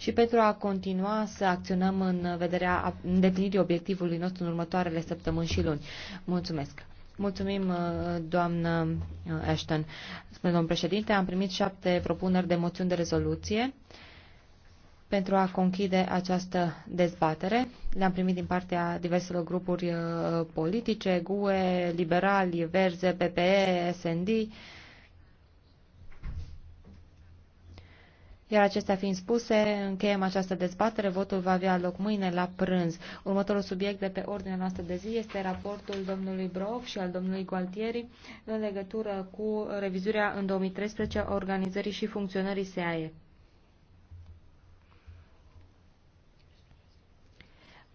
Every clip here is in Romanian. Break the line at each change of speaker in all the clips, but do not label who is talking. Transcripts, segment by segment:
și pentru a continua să acționăm în vederea îndeplinirii obiectivului nostru în următoarele săptămâni și luni. Mulțumesc! Mulțumim, uh, doamnă uh, Ashton. Spune domnul președinte, am primit șapte propuneri de moțiuni de rezoluție pentru a conchide această dezbatere. Le-am primit din partea diverselor grupuri uh, politice, GUE, Liberali, Verze, PPE, SND. Iar acestea fiind spuse, încheiem această dezbatere. Votul va avea loc mâine la prânz. Următorul subiect de pe ordinea noastră de zi este raportul domnului Brov și al domnului Gualtieri în legătură cu revizuirea în 2013 a organizării și funcționării SEAE.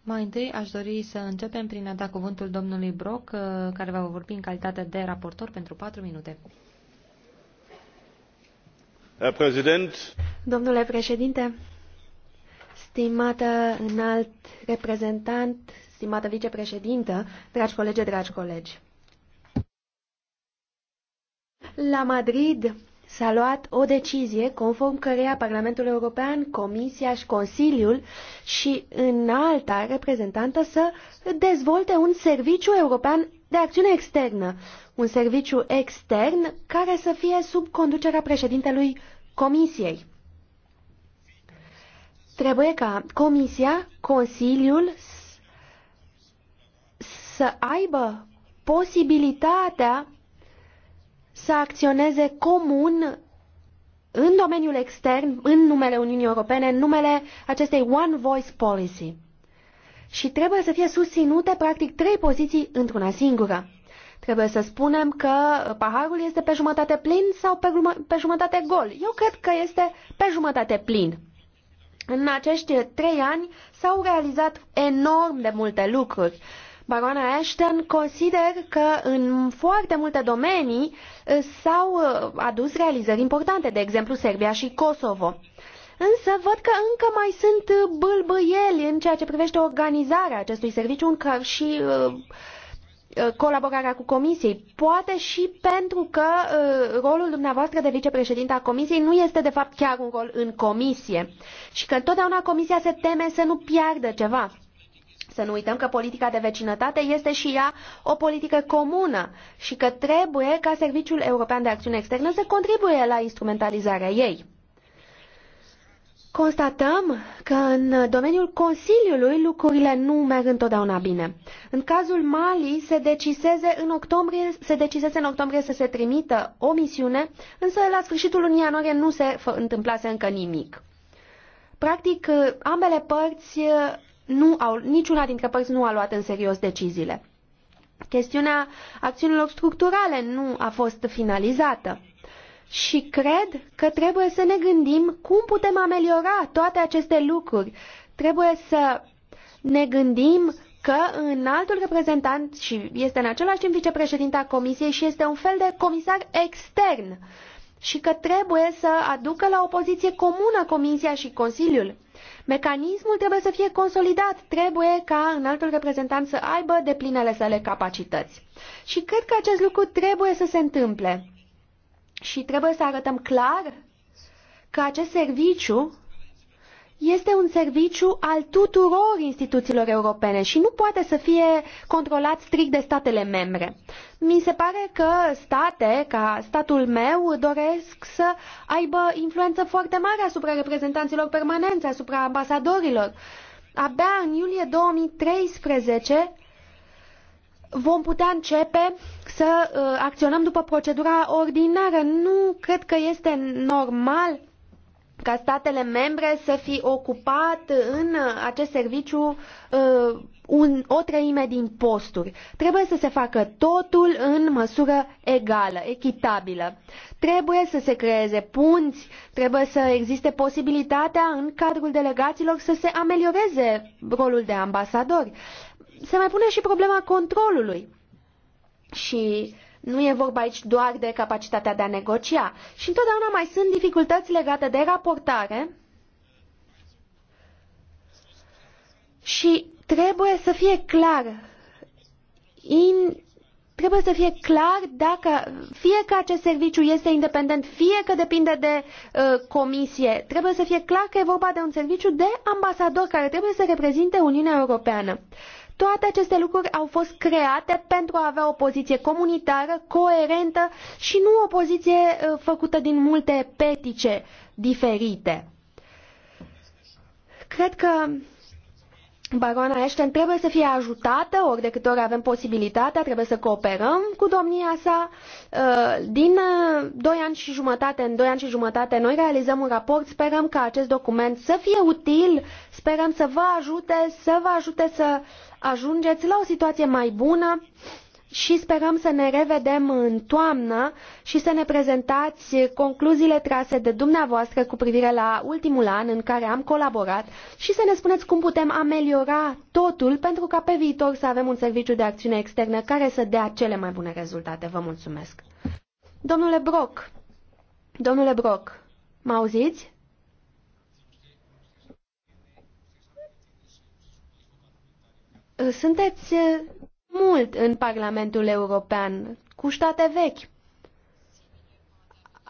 Mai întâi aș dori să începem prin a da cuvântul domnului Brock, uh, care va vorbi în calitate de raportor pentru 4 minute.
Herr Präsident!
Domnule președinte, stimată înalt reprezentant, stimată vicepreședintă, dragi colegi, dragi colegi. La Madrid s-a luat o decizie conform căreia Parlamentul European, Comisia și Consiliul și înalta reprezentantă să dezvolte un serviciu european de acțiune externă, un serviciu extern care să fie sub conducerea președintelui Comisiei. Trebuie ca Comisia, Consiliul să aibă posibilitatea să acționeze comun în domeniul extern, în numele Uniunii Europene, în numele acestei One Voice Policy. Și trebuie să fie susținute, practic, trei poziții într-una singură. Trebuie să spunem că paharul este pe jumătate plin sau pe, pe jumătate gol. Eu cred că este pe jumătate plin. În acești trei ani s-au realizat enorm de multe lucruri. Baroana Ashton consider că în foarte multe domenii uh, s-au uh, adus realizări importante, de exemplu Serbia și Kosovo. Însă văd că încă mai sunt bâlbâieli în ceea ce privește organizarea acestui serviciu și uh, Uh, colaborarea cu Comisiei. Poate și pentru că uh, rolul dumneavoastră de vicepreședinte a Comisiei nu este de fapt chiar un rol în Comisie și că întotdeauna Comisia se teme să nu piardă ceva. Să nu uităm că politica de vecinătate este și ea o politică comună și că trebuie ca Serviciul European de Acțiune Externă să contribuie la instrumentalizarea ei. Constatăm că în domeniul Consiliului lucrurile nu merg întotdeauna bine. În cazul Mali se deciseze în octombrie, se decisese în octombrie să se trimită o misiune, însă la sfârșitul lunii ianuarie nu se întâmplase încă nimic. Practic, ambele părți eh, nu au, niciuna dintre părți nu a luat în serios deciziile. Chestiunea acțiunilor structurale nu a fost finalizată. Și cred că trebuie să ne gândim cum putem ameliora toate aceste lucruri. Trebuie să ne gândim că în altul reprezentant și este în același timp vicepreședinta Comisiei și este un fel de comisar extern și că trebuie să aducă la o poziție comună Comisia și Consiliul. Mecanismul trebuie să fie consolidat, trebuie ca în altul reprezentant să aibă deplinele sale capacități. Și cred că acest lucru trebuie să se întâmple. Și trebuie să arătăm clar că acest serviciu este un serviciu al tuturor instituțiilor europene și nu poate să fie controlat strict de statele membre. Mi se pare că state, ca statul meu, doresc să aibă influență foarte mare asupra reprezentanților permanenți, asupra ambasadorilor. Abia în iulie 2013 vom putea începe să uh, acționăm după procedura ordinară. Nu cred că este normal ca statele membre să fi ocupat în acest serviciu uh, un, o treime din posturi. Trebuie să se facă totul în măsură egală, echitabilă. Trebuie să se creeze punți, trebuie să existe posibilitatea în cadrul delegațiilor să se amelioreze rolul de ambasadori se mai pune și problema controlului. Și nu e vorba aici doar de capacitatea de a negocia. Și întotdeauna mai sunt dificultăți legate de raportare și trebuie să fie clar in, trebuie să fie clar dacă fie că acest serviciu este independent, fie că depinde de uh, comisie, trebuie să fie clar că e vorba de un serviciu de ambasador care trebuie să reprezinte Uniunea Europeană. Uh, toate aceste lucruri au fost create pentru a avea o poziție comunitară, coerentă și nu o poziție uh, făcută din multe petice diferite. Cred că Baroana Ashton trebuie să fie ajutată, ori de câte ori avem posibilitatea, trebuie să cooperăm cu domnia sa. Uh, din uh, doi ani și jumătate, în doi ani și jumătate, noi realizăm un raport, sperăm ca acest document să fie util, sperăm să vă ajute, să vă ajute să ajungeți la o situație mai bună și sperăm să ne revedem în toamnă și să ne prezentați concluziile trase de dumneavoastră cu privire la ultimul an în care am colaborat și să ne spuneți cum putem ameliora totul pentru ca pe viitor să avem un serviciu de acțiune externă care să dea cele mai bune rezultate. Vă mulțumesc. Domnule Broc, domnule Broc, mă auziți? Uh, sunteți uh, mult în Parlamentul European, cu state vechi.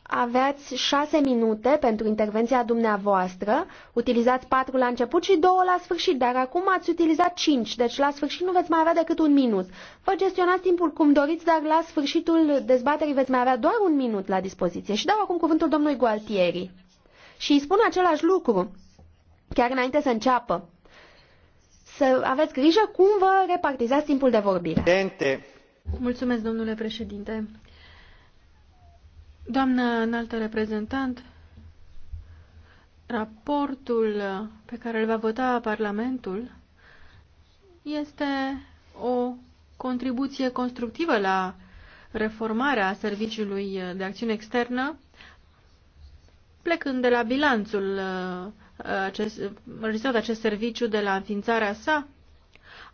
Aveați șase minute pentru intervenția dumneavoastră, utilizați patru la început și două la sfârșit, dar acum ați utilizat cinci, deci la sfârșit nu veți mai avea decât un minut. Vă gestionați timpul cum doriți, dar la sfârșitul dezbaterii veți mai avea doar un minut la dispoziție. Și dau acum cuvântul domnului Gualtieri. Și îi spun același lucru, chiar înainte să înceapă să aveți grijă cum vă repartizați timpul de vorbire. Dente. Mulțumesc, domnule președinte.
Doamna înaltă reprezentant, raportul pe care îl va vota Parlamentul este o contribuție constructivă la reformarea Serviciului de Acțiune Externă, plecând de la bilanțul uh, acest, înregistrat acest serviciu de la înființarea sa.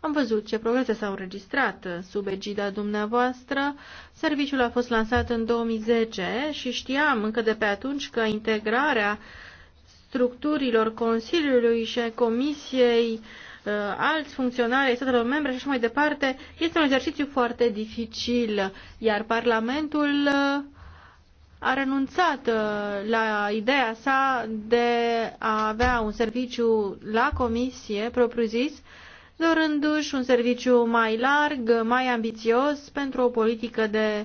Am văzut ce progrese s-au înregistrat sub egida dumneavoastră. Serviciul a fost lansat în 2010 și știam încă de pe atunci că integrarea structurilor Consiliului și Comisiei uh, alți funcționari ai statelor membre și așa mai departe, este un exercițiu foarte dificil, iar Parlamentul uh, a renunțat uh, la ideea sa de a avea un serviciu la comisie propriu-zis, dorându-și un serviciu mai larg, mai ambițios pentru o politică de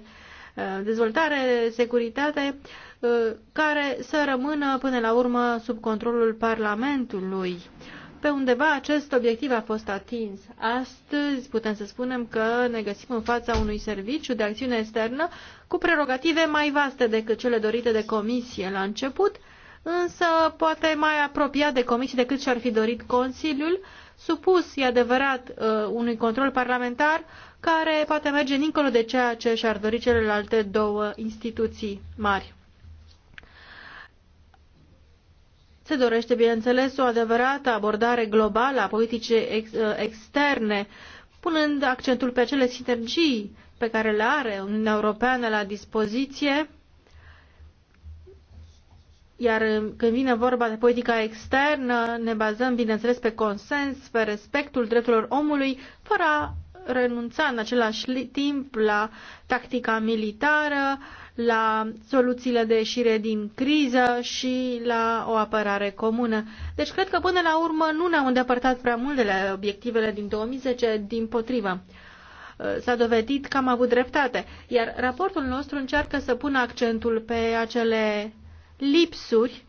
uh, dezvoltare, de securitate, uh, care să rămână până la urmă sub controlul Parlamentului pe undeva acest obiectiv a fost atins. Astăzi putem să spunem că ne găsim în fața unui serviciu de acțiune externă cu prerogative mai vaste decât cele dorite de comisie la început, însă poate mai apropiat de comisie decât și-ar fi dorit Consiliul, supus, e adevărat, uh, unui control parlamentar care poate merge dincolo de ceea ce și-ar dori celelalte două instituții mari. Se dorește, bineînțeles, o adevărată abordare globală a politicii ex uh, externe, punând accentul pe acele sinergii pe care le are Uniunea Europeană la dispoziție, iar când vine vorba de politica externă, ne bazăm, bineînțeles, pe consens, pe respectul drepturilor omului, fără a renunța în același timp la tactica militară, la soluțiile de ieșire din criză și la o apărare comună. Deci cred că până la urmă nu ne-am îndepărtat prea mult de la obiectivele din 2010, din potrivă. S-a dovedit că am avut dreptate, iar raportul nostru încearcă să pună accentul pe acele lipsuri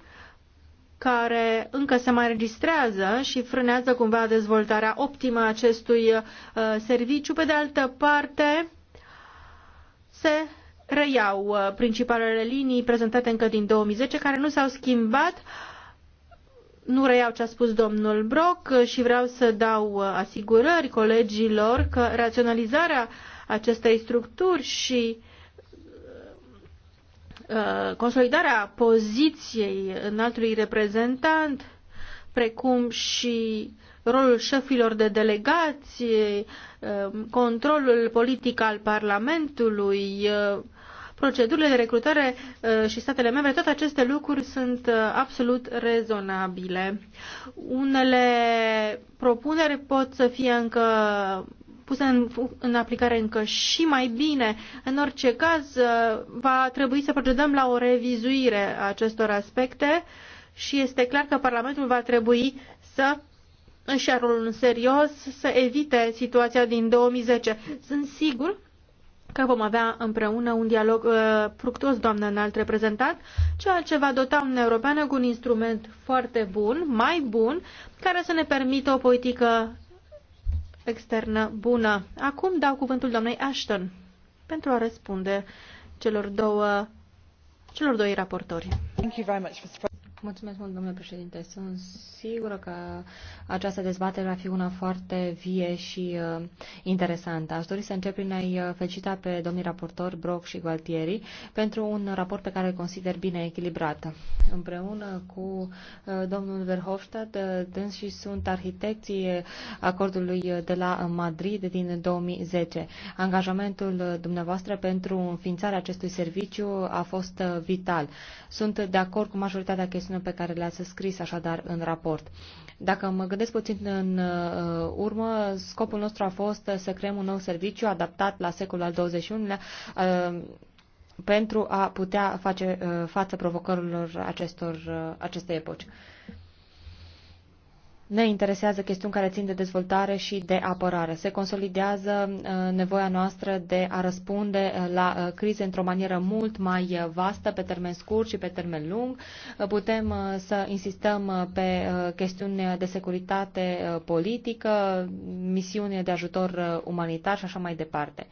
care încă se mai registrează și frânează cumva dezvoltarea optimă a acestui uh, serviciu. Pe de altă parte, se reiau uh, principalele linii prezentate încă din 2010, care nu s-au schimbat. Nu reiau ce a spus domnul Brock și vreau să dau uh, asigurări colegilor că raționalizarea acestei structuri și uh, consolidarea poziției înaltului reprezentant, precum și rolul șefilor de delegație, controlul politic al Parlamentului, procedurile de recrutare uh, și statele membre, toate aceste lucruri sunt uh, absolut rezonabile. Unele propuneri pot să fie încă puse în, în aplicare încă și mai bine. În orice caz, uh, va trebui să procedăm la o revizuire a acestor aspecte și este clar că Parlamentul va trebui să își ia rolul în serios, să evite situația din 2010. Sunt sigur că vom avea împreună un dialog uh, fructos, doamnă înalt reprezentant, ceea ce va dota Uniunea Europeană cu un instrument foarte bun, mai bun, care să ne permită o politică externă bună. Acum dau cuvântul doamnei Ashton pentru a răspunde celor două celor doi raportori. Thank you very much, Mulțumesc mult, domnule președinte. Sunt
sigură că această dezbatere va fi una foarte vie și uh, interesantă. Aș dori să încep prin a-i uh, felicita pe domnii raportori Brock și Gualtieri pentru un raport pe care îl consider bine echilibrat. Împreună cu uh, domnul Verhofstadt, uh, dâns și sunt arhitecții acordului de la Madrid din 2010. Angajamentul uh, dumneavoastră pentru înființarea acestui serviciu a fost uh, vital. Sunt de acord cu majoritatea chestiunilor chestiunilor pe care le-ați scris așadar în raport. Dacă mă gândesc puțin în uh, urmă, scopul nostru a fost să creăm un nou serviciu adaptat la secolul al XXI-lea uh, pentru a putea face uh, față provocărilor acestor, acestei epoci ne interesează chestiuni care țin de dezvoltare și de apărare. Se consolidează uh, nevoia noastră de a răspunde uh, la uh, crize într-o manieră mult mai vastă, pe termen scurt și pe termen lung. Putem să insistăm pe chestiuni de securitate politică, misiune de ajutor umanitar și așa mai departe.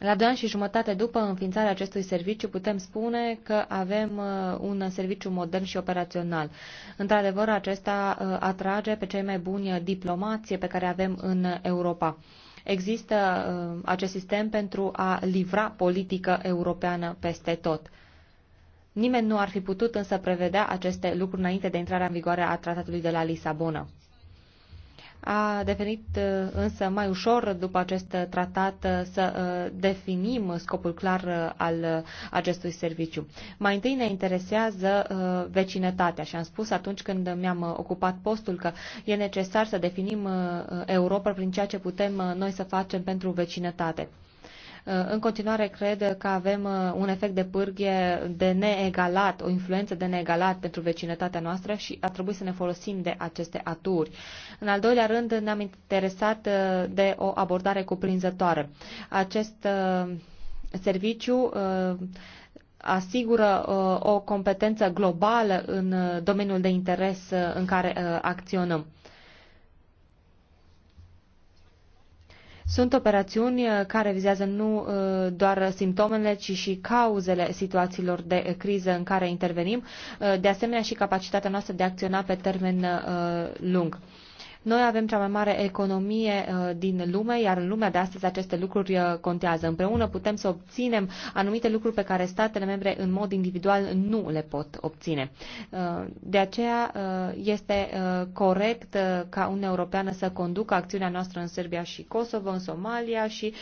La doi ani și jumătate după înființarea acestui serviciu putem spune că avem uh, un serviciu modern și operațional. Într-adevăr, acesta uh, atrage pe cei mai buni uh, diplomați pe care avem în Europa. Există acest sistem pentru a livra politică europeană peste tot. Nimeni nu ar fi putut însă prevedea aceste lucruri înainte de intrarea în vigoare a tratatului de la Lisabona. A devenit uh, însă mai ușor după acest tratat uh, să uh, definim scopul clar al acestui serviciu. Mai întâi ne interesează vecinătatea și am spus atunci când mi-am ocupat postul că e necesar să definim Europa prin ceea ce putem noi să facem pentru vecinătate. În continuare, cred că avem uh, un efect de pârghie de neegalat, o influență de neegalat pentru vecinătatea noastră și ar trebui să ne folosim de aceste aturi. În al doilea rând, ne-am interesat uh, de o abordare cuprinzătoare. Acest uh, serviciu asigură o competență globală în domeniul de interes în care acționăm. Sunt operațiuni uh, care vizează nu uh, doar simptomele, ci și cauzele situațiilor de uh, criză în care intervenim, de asemenea și capacitatea noastră de a acționa pe termen lung. Noi avem cea mai mare economie uh, din lume, iar în lumea de astăzi aceste lucruri uh, contează. Împreună putem să obținem anumite lucruri pe care statele membre în mod individual nu le pot obține. Uh, de aceea este corect ca Uniunea Europeană să conducă acțiunea noastră în Serbia și Kosovo, în Somalia și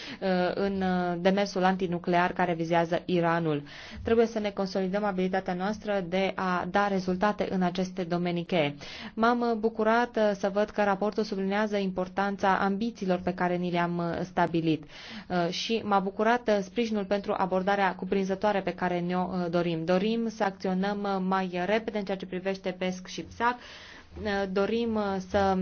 în demersul antinuclear care vizează Iranul. Trebuie să ne consolidăm abilitatea noastră de a da rezultate în aceste domenii cheie. M-am bucurat să văd că raportul sublinează importanța ambițiilor pe care ni le-am uh, stabilit uh, și m-a bucurat uh, sprijinul pentru abordarea cuprinzătoare pe care ne-o dorim. Dorim să acționăm mai repede în ceea ce privește PESC și PSAC, dorim să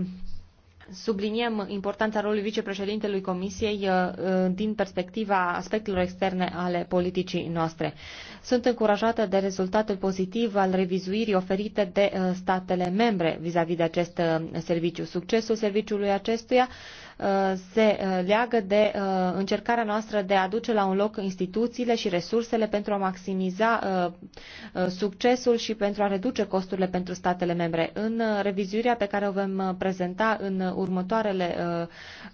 subliniem importanța rolului vicepreședintelui Comisiei uh, uh, din perspectiva aspectelor externe ale politicii noastre. Sunt încurajată de rezultatul pozitiv al revizuirii oferite de uh, statele membre vis-a-vis de acest serviciu. Succesul serviciului acestuia Uh, se uh, leagă de uh, încercarea noastră de a duce la un loc instituțiile și resursele pentru a maximiza succesul și pentru a reduce costurile pentru statele membre. În revizuirea pe care o vom prezenta în următoarele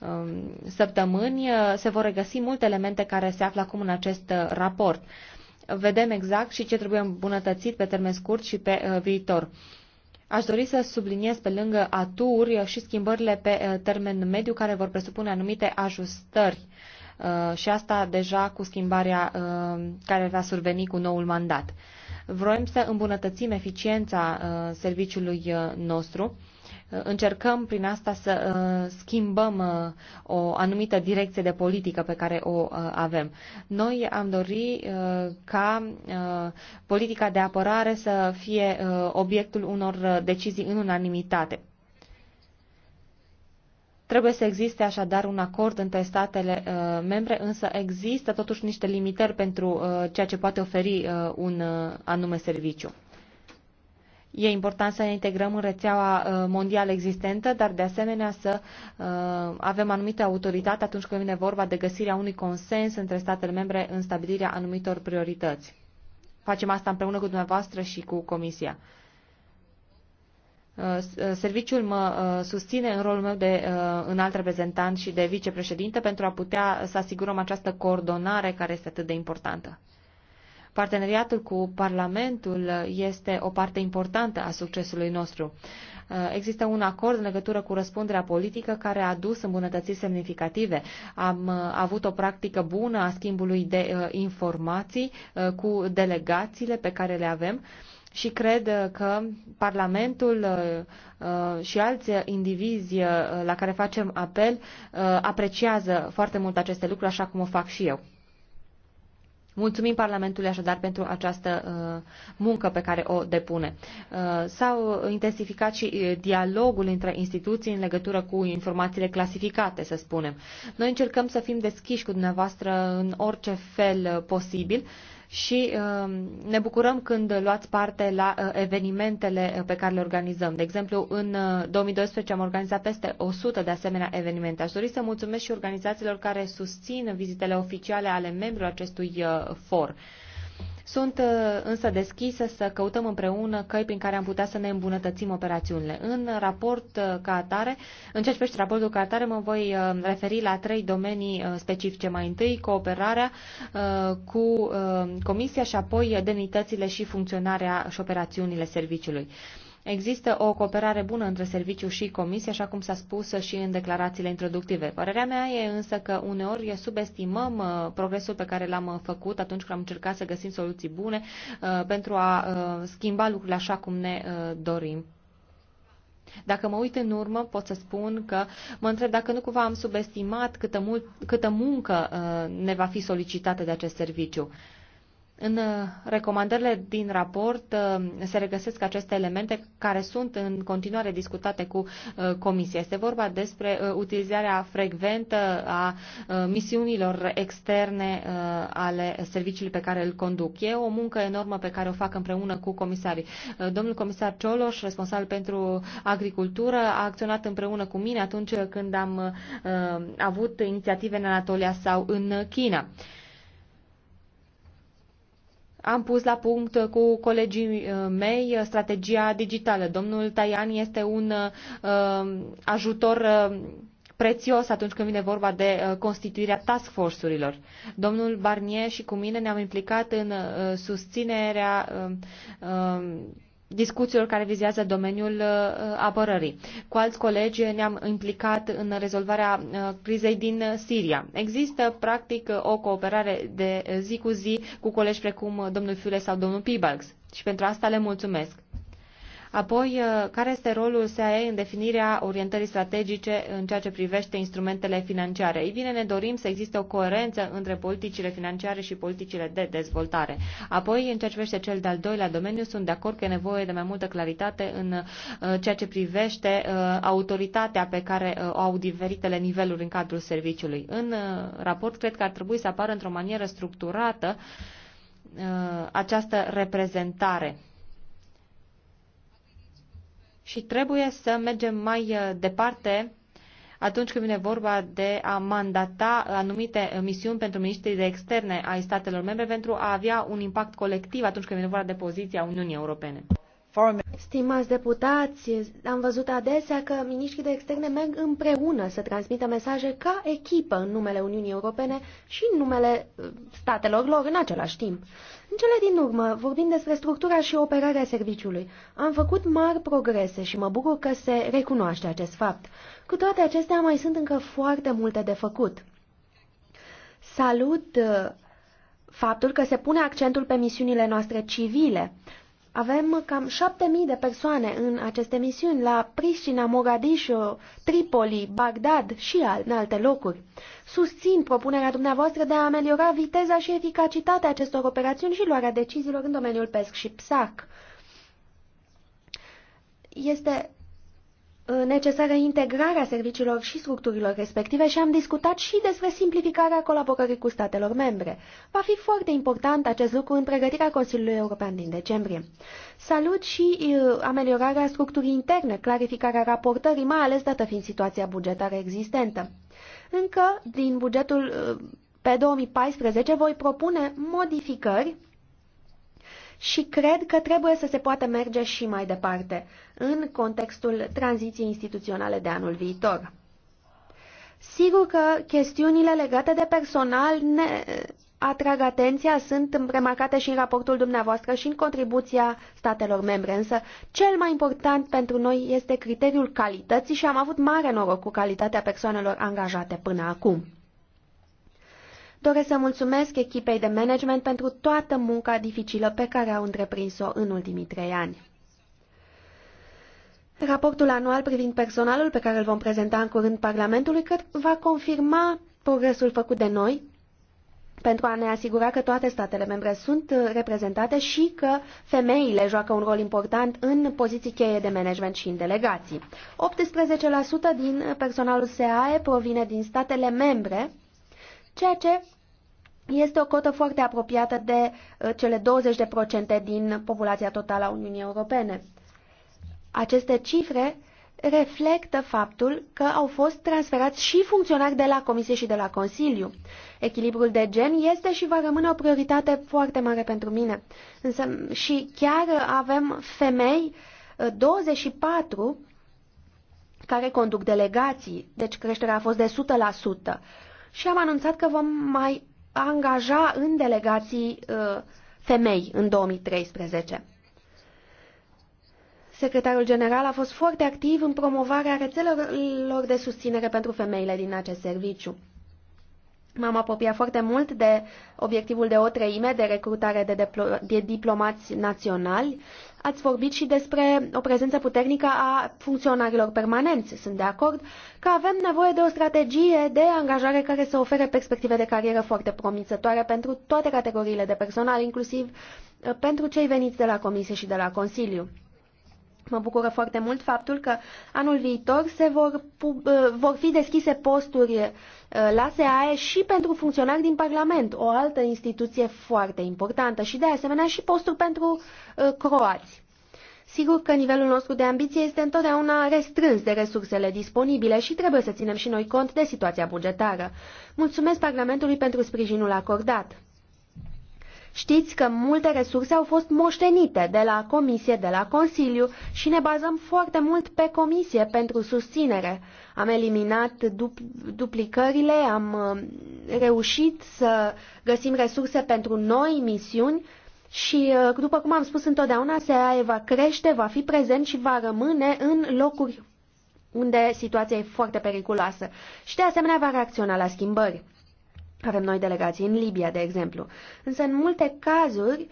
um, săptămâni se vor regăsi multe elemente care se află acum în acest raport vedem exact și ce trebuie îmbunătățit pe termen scurt și pe viitor. Aș dori să subliniez pe lângă aturi și schimbările pe eh, termen mediu care vor presupune anumite ajustări eh, și asta deja cu schimbarea eh, care va surveni cu noul mandat. Vroim să îmbunătățim eficiența serviciului nostru încercăm prin asta să uh, schimbăm uh, o anumită direcție de politică pe care o uh, avem. Noi am dori ca politica de apărare să fie obiectul unor decizii în unanimitate. Trebuie să existe așadar un acord între statele uh, membre, însă există totuși niște limitări pentru uh, ceea ce poate oferi uh, un uh, anume serviciu. E important să ne integrăm în rețeaua uh, mondială existentă, dar de asemenea să uh, avem anumită autoritate atunci când vine vorba de găsirea unui consens între statele membre în stabilirea anumitor priorități. Facem asta împreună cu dumneavoastră și cu Comisia. Uh, serviciul mă susține în rolul meu de înalt reprezentant și de vicepreședinte pentru a putea să asigurăm această coordonare care este atât de importantă. Parteneriatul cu Parlamentul este o parte importantă a succesului nostru. Uh, există un acord în legătură cu răspunderea politică care a adus îmbunătățiri semnificative. Am uh, avut o practică bună a schimbului de uh, informații cu delegațiile pe care le avem și cred că Parlamentul și alți indivizi la care facem apel apreciază foarte mult aceste lucruri, așa cum o fac și eu. Mulțumim Parlamentului așadar pentru această uh, muncă pe care o depune. Uh, s-au intensificat și uh, dialogul între instituții în legătură cu informațiile clasificate, să spunem. Noi încercăm să fim deschiși cu dumneavoastră în orice fel posibil și um, ne bucurăm când luați parte la uh, evenimentele uh, pe care le organizăm. De exemplu, în 2012 uh, am organizat peste 100 de asemenea evenimente. Aș dori să mulțumesc și organizațiilor care susțin vizitele oficiale ale membrilor acestui for. Sunt uh, însă deschisă să căutăm împreună căi prin care am putea să ne îmbunătățim operațiunile. În raport uh, ca atare, în ce privește raportul ca atare, mă voi uh, referi la trei domenii specifice. Mai întâi, cooperarea cu Comisia și apoi denitățile și funcționarea și operațiunile serviciului. Există o cooperare bună între serviciu și comisie, așa cum s-a spus și în declarațiile introductive. Părerea mea e însă că uneori subestimăm uh, progresul pe care l-am uh, făcut atunci când am încercat să găsim soluții bune uh, pentru a schimba lucrurile așa cum ne dorim. Dacă mă uit în urmă, pot să spun că mă întreb dacă nu cumva am subestimat câtă, mult, câtă muncă ne va fi solicitată de acest serviciu. Uh, în uh, recomandările din raport uh, se regăsesc aceste elemente care sunt în continuare discutate cu uh, Comisia. Este vorba despre utilizarea frecventă a misiunilor externe ale serviciului pe care îl conduc. E o muncă enormă pe care o fac împreună cu comisarii. Domnul comisar Cioloș, responsabil pentru agricultură, a acționat împreună cu mine atunci când am avut inițiative în Anatolia sau în China. Am pus la punct uh, cu colegii uh, mei uh, strategia digitală. Domnul Tajani este un uh, ajutor uh, prețios atunci când vine vorba de constituirea task force-urilor. Domnul Barnier și cu mine ne-am implicat în susținerea discuțiilor care vizează domeniul uh, uh, apărării. Cu alți colegi ne-am implicat în rezolvarea uh, crizei din Siria. Există, practic, o cooperare de zi cu zi cu colegi precum domnul Fiule sau domnul Pibalx. și pentru asta le mulțumesc. Apoi, uh, care este rolul SAE în definirea orientării strategice în ceea ce privește instrumentele financiare? Ei bine, ne dorim să existe o coerență între politicile financiare și politicile de dezvoltare. Apoi, în ceea ce privește cel de-al doilea domeniu, sunt de acord că e nevoie de mai multă claritate în uh, ceea ce privește uh, autoritatea pe care o au diferitele niveluri în cadrul serviciului. În raport, cred că ar trebui să apară într-o manieră structurată această reprezentare și trebuie să mergem mai uh, departe atunci când vine vorba de a mandata uh, anumite uh, misiuni pentru ministrii de externe ai statelor membre pentru a avea un impact colectiv atunci când vine vorba de poziția Uniunii Europene.
Stimați deputați, am văzut adesea că miniștrii de externe merg împreună să transmită mesaje ca echipă în numele Uniunii Europene și în numele uh, statelor lor în același timp. În cele din urmă, vorbim despre structura și operarea serviciului. Am făcut mari progrese și mă bucur că se recunoaște acest fapt. Cu toate acestea, mai sunt încă foarte multe de făcut. Salut uh, faptul că se pune accentul pe misiunile noastre civile. Avem cam 7000 de persoane în aceste misiuni la Pristina, Mogadishu, Tripoli, Bagdad și în alte locuri. Susțin propunerea dumneavoastră de a ameliora viteza și eficacitatea acestor operațiuni și luarea deciziilor în domeniul PESC și PSAC. Este necesară integrarea serviciilor și structurilor respective și am discutat și despre simplificarea colaborării cu statelor membre. Va fi foarte important acest lucru în pregătirea Consiliului European din decembrie. Salut și uh, ameliorarea structurii interne, clarificarea raportării, mai ales dată fiind situația bugetară existentă. Încă din bugetul uh, pe 2014 voi propune modificări și cred că trebuie să se poată merge și mai departe în contextul tranziției instituționale de anul viitor. Sigur că chestiunile legate de personal ne atrag atenția, sunt remarcate și în raportul dumneavoastră și în contribuția statelor membre, însă cel mai important pentru noi este criteriul calității și am avut mare noroc cu calitatea persoanelor angajate până acum. Doresc să mulțumesc echipei de management pentru toată munca dificilă pe care au întreprins-o în ultimii trei ani. Raportul anual privind personalul pe care îl vom prezenta în curând Parlamentului cred va confirma progresul făcut de noi pentru a ne asigura că toate statele membre sunt uh, reprezentate și că femeile joacă un rol important în poziții cheie de management și în delegații. 18% din personalul SAE provine din statele membre, ceea ce este o cotă foarte apropiată de uh, cele 20% din populația totală a Uniunii Europene. Aceste cifre reflectă faptul că au fost transferați și funcționari de la Comisie și de la Consiliu. Echilibrul de gen este și va rămâne o prioritate foarte mare pentru mine. Însă și chiar avem femei 24 uh, care conduc delegații, deci creșterea a fost de 100% și am anunțat că vom mai angaja în delegații uh, femei în 2013. Secretarul general a fost foarte activ în promovarea rețelelor de susținere pentru femeile din acest serviciu. M-am apropiat foarte mult de obiectivul de o treime de recrutare de, diplo- de diplomați naționali. Ați vorbit și despre o prezență puternică a funcționarilor permanenți. Sunt de acord că avem nevoie de o strategie de angajare care să ofere perspective de carieră foarte promițătoare pentru toate categoriile de personal, inclusiv uh, pentru cei veniți de la Comisie și de la Consiliu. Mă bucură foarte mult faptul că anul viitor se vor, uh, vor fi deschise posturi uh, la SEAE și pentru funcționari din Parlament, o altă instituție foarte importantă și de asemenea și posturi pentru uh, croați. Sigur că nivelul nostru de ambiție este întotdeauna restrâns de resursele disponibile și trebuie să ținem și noi cont de situația bugetară. Mulțumesc Parlamentului pentru sprijinul acordat. Știți că multe resurse au fost moștenite de la Comisie, de la Consiliu și ne bazăm foarte mult pe Comisie pentru susținere. Am eliminat duplicările, am uh, reușit să găsim resurse pentru noi misiuni și, uh, după cum am spus întotdeauna, se va crește, va fi prezent și va rămâne în locuri unde situația e foarte periculoasă și, de asemenea, va reacționa la schimbări. Avem noi delegații în Libia, de exemplu. Însă, în multe cazuri,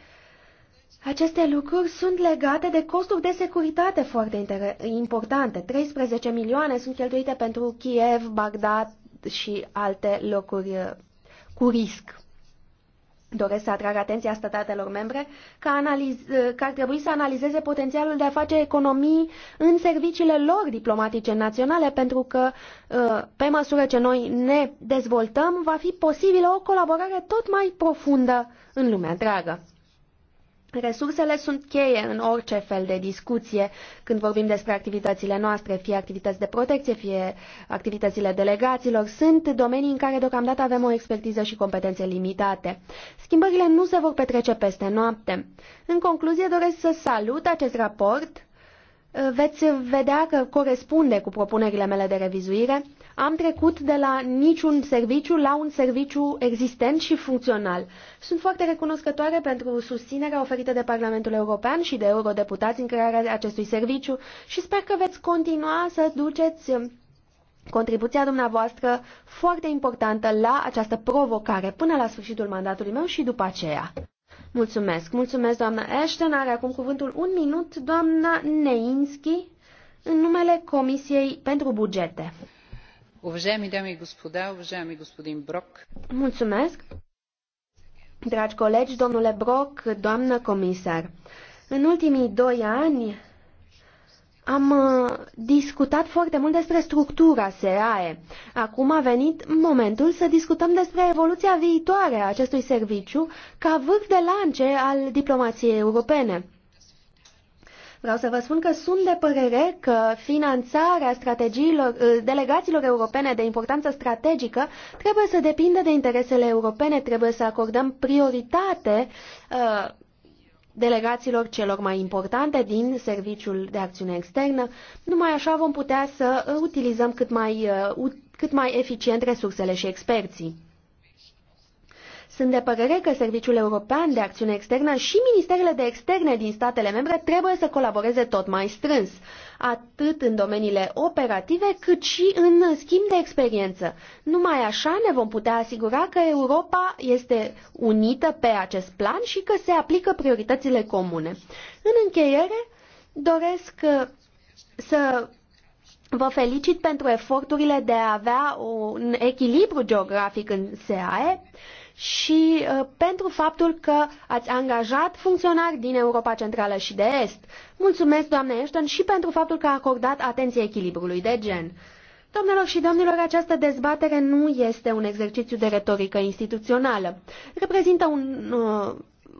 aceste lucruri sunt legate de costuri de securitate foarte importante. 13 milioane sunt cheltuite pentru Kiev, Bagdad și alte locuri eh, cu risc. Doresc să atrag atenția statelor membre că, analiz, că ar trebui să analizeze potențialul de a face economii în serviciile lor diplomatice naționale, pentru că, ă, pe măsură ce noi ne dezvoltăm, va fi posibilă o colaborare tot mai profundă în lumea întreagă. Resursele sunt cheie în orice fel de discuție când vorbim despre activitățile noastre, fie activități de protecție, fie activitățile delegaților. Sunt domenii în care deocamdată avem o expertiză și competențe limitate. Schimbările nu se vor petrece peste noapte. În concluzie, doresc să salut acest raport. Veți vedea că corespunde cu propunerile mele de revizuire am trecut de la niciun serviciu la un serviciu existent și funcțional. Sunt foarte recunoscătoare pentru susținerea oferită de Parlamentul European și de eurodeputați în crearea acestui serviciu și sper că veți continua să duceți contribuția dumneavoastră foarte importantă la această provocare până la sfârșitul mandatului meu și după aceea. Mulțumesc. Mulțumesc, doamna Ashton. Are acum cuvântul un minut, doamna Neinski, în numele Comisiei pentru Bugete.
Уважаеми дами и господа, уважаеми господин Брок.
Mulțumesc. Dragi colegi, domnule Brock, doamnă comisar, în ultimii doi ani am uh, discutat foarte mult despre structura SEAE. Acum a venit momentul să discutăm despre evoluția viitoare a acestui serviciu ca vârf de lance al diplomației europene. Vreau să vă spun că sunt de părere că finanțarea strategiilor, uh, delegațiilor europene de importanță strategică trebuie să depindă de interesele europene, trebuie să acordăm prioritate uh, delegațiilor celor mai importante din Serviciul de Acțiune Externă. Numai așa vom putea să utilizăm cât mai, uh, cât mai eficient resursele și experții. Sunt de părere că Serviciul European de Acțiune Externă și Ministerele de Externe din statele membre trebuie să colaboreze tot mai strâns, atât în domeniile operative, cât și în schimb de experiență. Numai așa ne vom putea asigura că Europa este unită pe acest plan și că se aplică prioritățile comune. În încheiere, doresc uh, să Vă felicit pentru eforturile de a avea un echilibru geografic în SEAE și uh, pentru faptul că ați angajat funcționari din Europa Centrală și de Est. Mulțumesc, doamne Ashton, și pentru faptul că a acordat atenție echilibrului de gen. Domnilor și domnilor, această dezbatere nu este un exercițiu de retorică instituțională. Reprezintă un uh,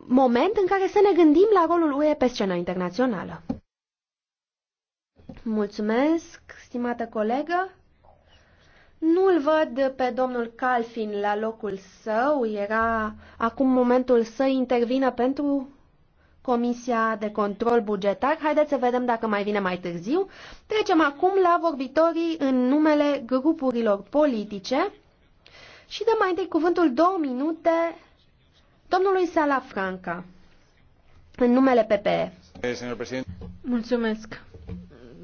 moment în care să ne gândim la rolul UE pe scena internațională. Mulțumesc, stimată colegă. Nu-l văd pe domnul Calfin la locul său. Era acum momentul să intervină pentru Comisia de Control Bugetar. Haideți să vedem dacă mai vine mai târziu. Trecem acum la vorbitorii în numele grupurilor politice și dăm mai întâi cuvântul două minute domnului Sala Franca în numele PPE. Eh, Mulțumesc.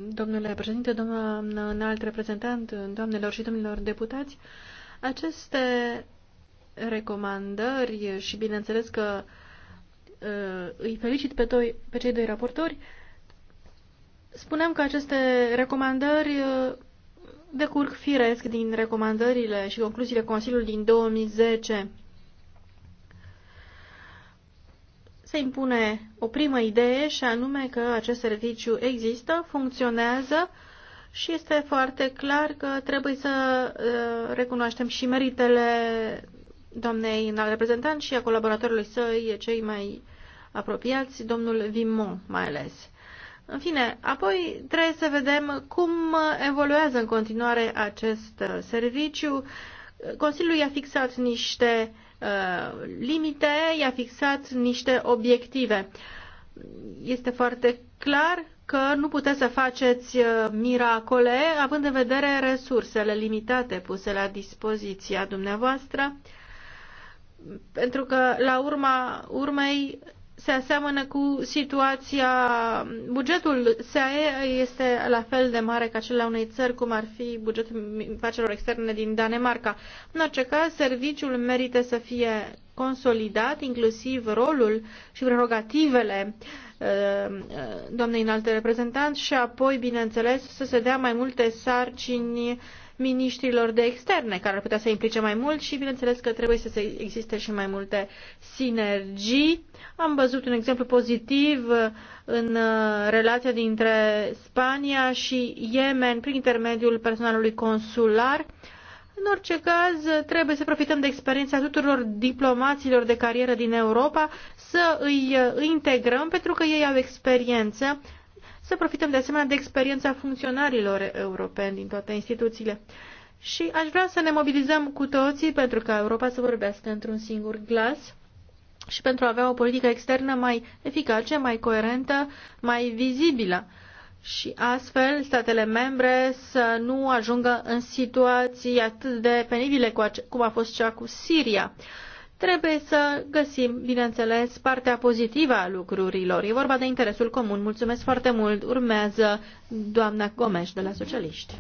Domnule președinte, doamnă înalt reprezentant, doamnelor și domnilor deputați, aceste recomandări și bineînțeles că uh, îi felicit pe, doi, pe cei doi raportori, spuneam că aceste recomandări uh, decurg firesc din recomandările și concluziile Consiliului din 2010 se impune o primă idee și anume că acest serviciu există, funcționează și este foarte clar că trebuie să uh, recunoaștem și meritele doamnei înalt reprezentant și a colaboratorului săi, cei mai apropiați, domnul Vimon mai ales. În fine, apoi trebuie să vedem cum evoluează în continuare acest uh, serviciu. Consiliul i-a fixat niște Uh, limite, i-a fixat niște obiective. Este foarte clar că nu puteți să faceți uh, miracole având în vedere resursele limitate puse la dispoziția dumneavoastră, pentru că la urma urmei se aseamănă cu situația, bugetul SAE este la fel de mare ca cel al unei țări, cum ar fi bugetul afacerilor externe din Danemarca. În orice caz, serviciul merită să fie consolidat, inclusiv rolul și prerogativele uh, uh, doamnei înalte reprezentant și apoi, bineînțeles, să se dea mai multe sarcini miniștrilor de externe, care ar putea să implice mai mult și bineînțeles că trebuie să existe și mai multe sinergii. Am văzut un exemplu pozitiv uh, în uh, relația dintre Spania și Yemen prin intermediul personalului consular. În orice caz, uh, trebuie să profităm de experiența tuturor diplomaților de carieră din Europa, să îi integrăm pentru că ei au experiență să profităm de asemenea de experiența funcționarilor europeni din toate instituțiile. Și aș vrea să ne mobilizăm cu toții pentru ca Europa să vorbească într-un singur glas și pentru a avea o politică externă mai eficace, mai coerentă, mai vizibilă și astfel statele membre să nu ajungă în situații atât de penibile cum a fost cea cu Siria. Trebuie să găsim, bineînțeles, partea pozitivă a lucrurilor. E vorba de interesul comun. Mulțumesc foarte mult. Urmează doamna Gomes de la Socialiști.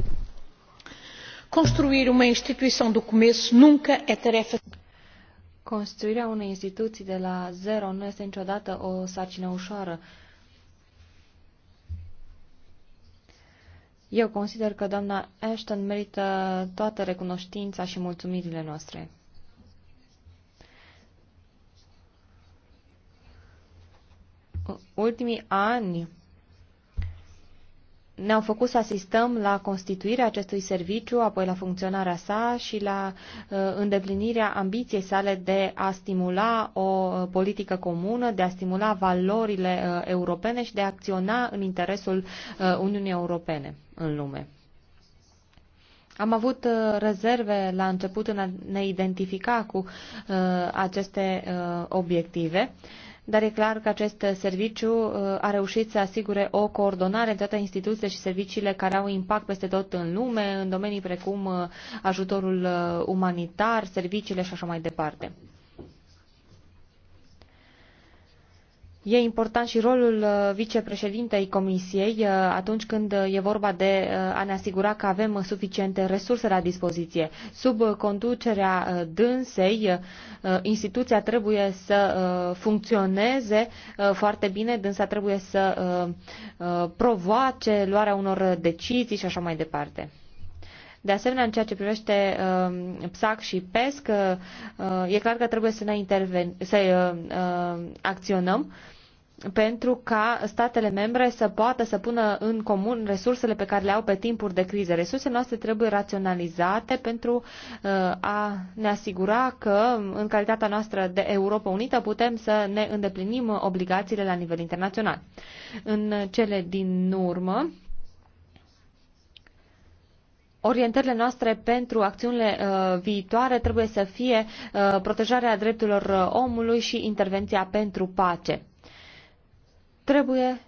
Construir uma instituição do começo
nunca é tarefa Construirea unei instituții de la zero nu este niciodată o sarcină ușoară. Eu consider că doamna Ashton merită toată recunoștința și mulțumirile noastre. ultimii ani ne-au făcut să asistăm la constituirea acestui serviciu, apoi la funcționarea sa și la uh, îndeplinirea ambiției sale de a stimula o uh, politică comună, de a stimula valorile uh, europene și de a acționa în interesul uh, Uniunii Europene în lume. Am avut uh, rezerve la început în a ne identifica cu uh, aceste uh, obiective. Uh, dar e clar că acest serviciu uh, a reușit să asigure o coordonare între toate instituțiile și serviciile care au impact peste tot în lume, în domenii precum uh, ajutorul uh, umanitar, serviciile și așa mai departe. E important și rolul uh, vicepreședintei Comisiei uh, atunci când uh, e vorba de a ne asigura că avem suficiente resurse la dispoziție. Sub conducerea dânsei, instituția trebuie să funcționeze foarte bine, dânsa trebuie să provoace luarea unor decizii și așa mai departe. De asemenea, în ceea ce privește uh, um, PSAC și PESC, uh, e clar că trebuie să ne interven- să uh, uh, acționăm pentru ca statele membre să poată să pună în comun resursele pe care le au pe timpuri de criză. Resursele noastre trebuie raționalizate pentru uh, a ne asigura că, în calitatea noastră de Europa Unită, putem să ne îndeplinim obligațiile la nivel internațional. În cele din urmă, orientările noastre pentru acțiunile uh, viitoare trebuie să fie uh, protejarea drepturilor uh, omului și intervenția pentru pace. Trebuie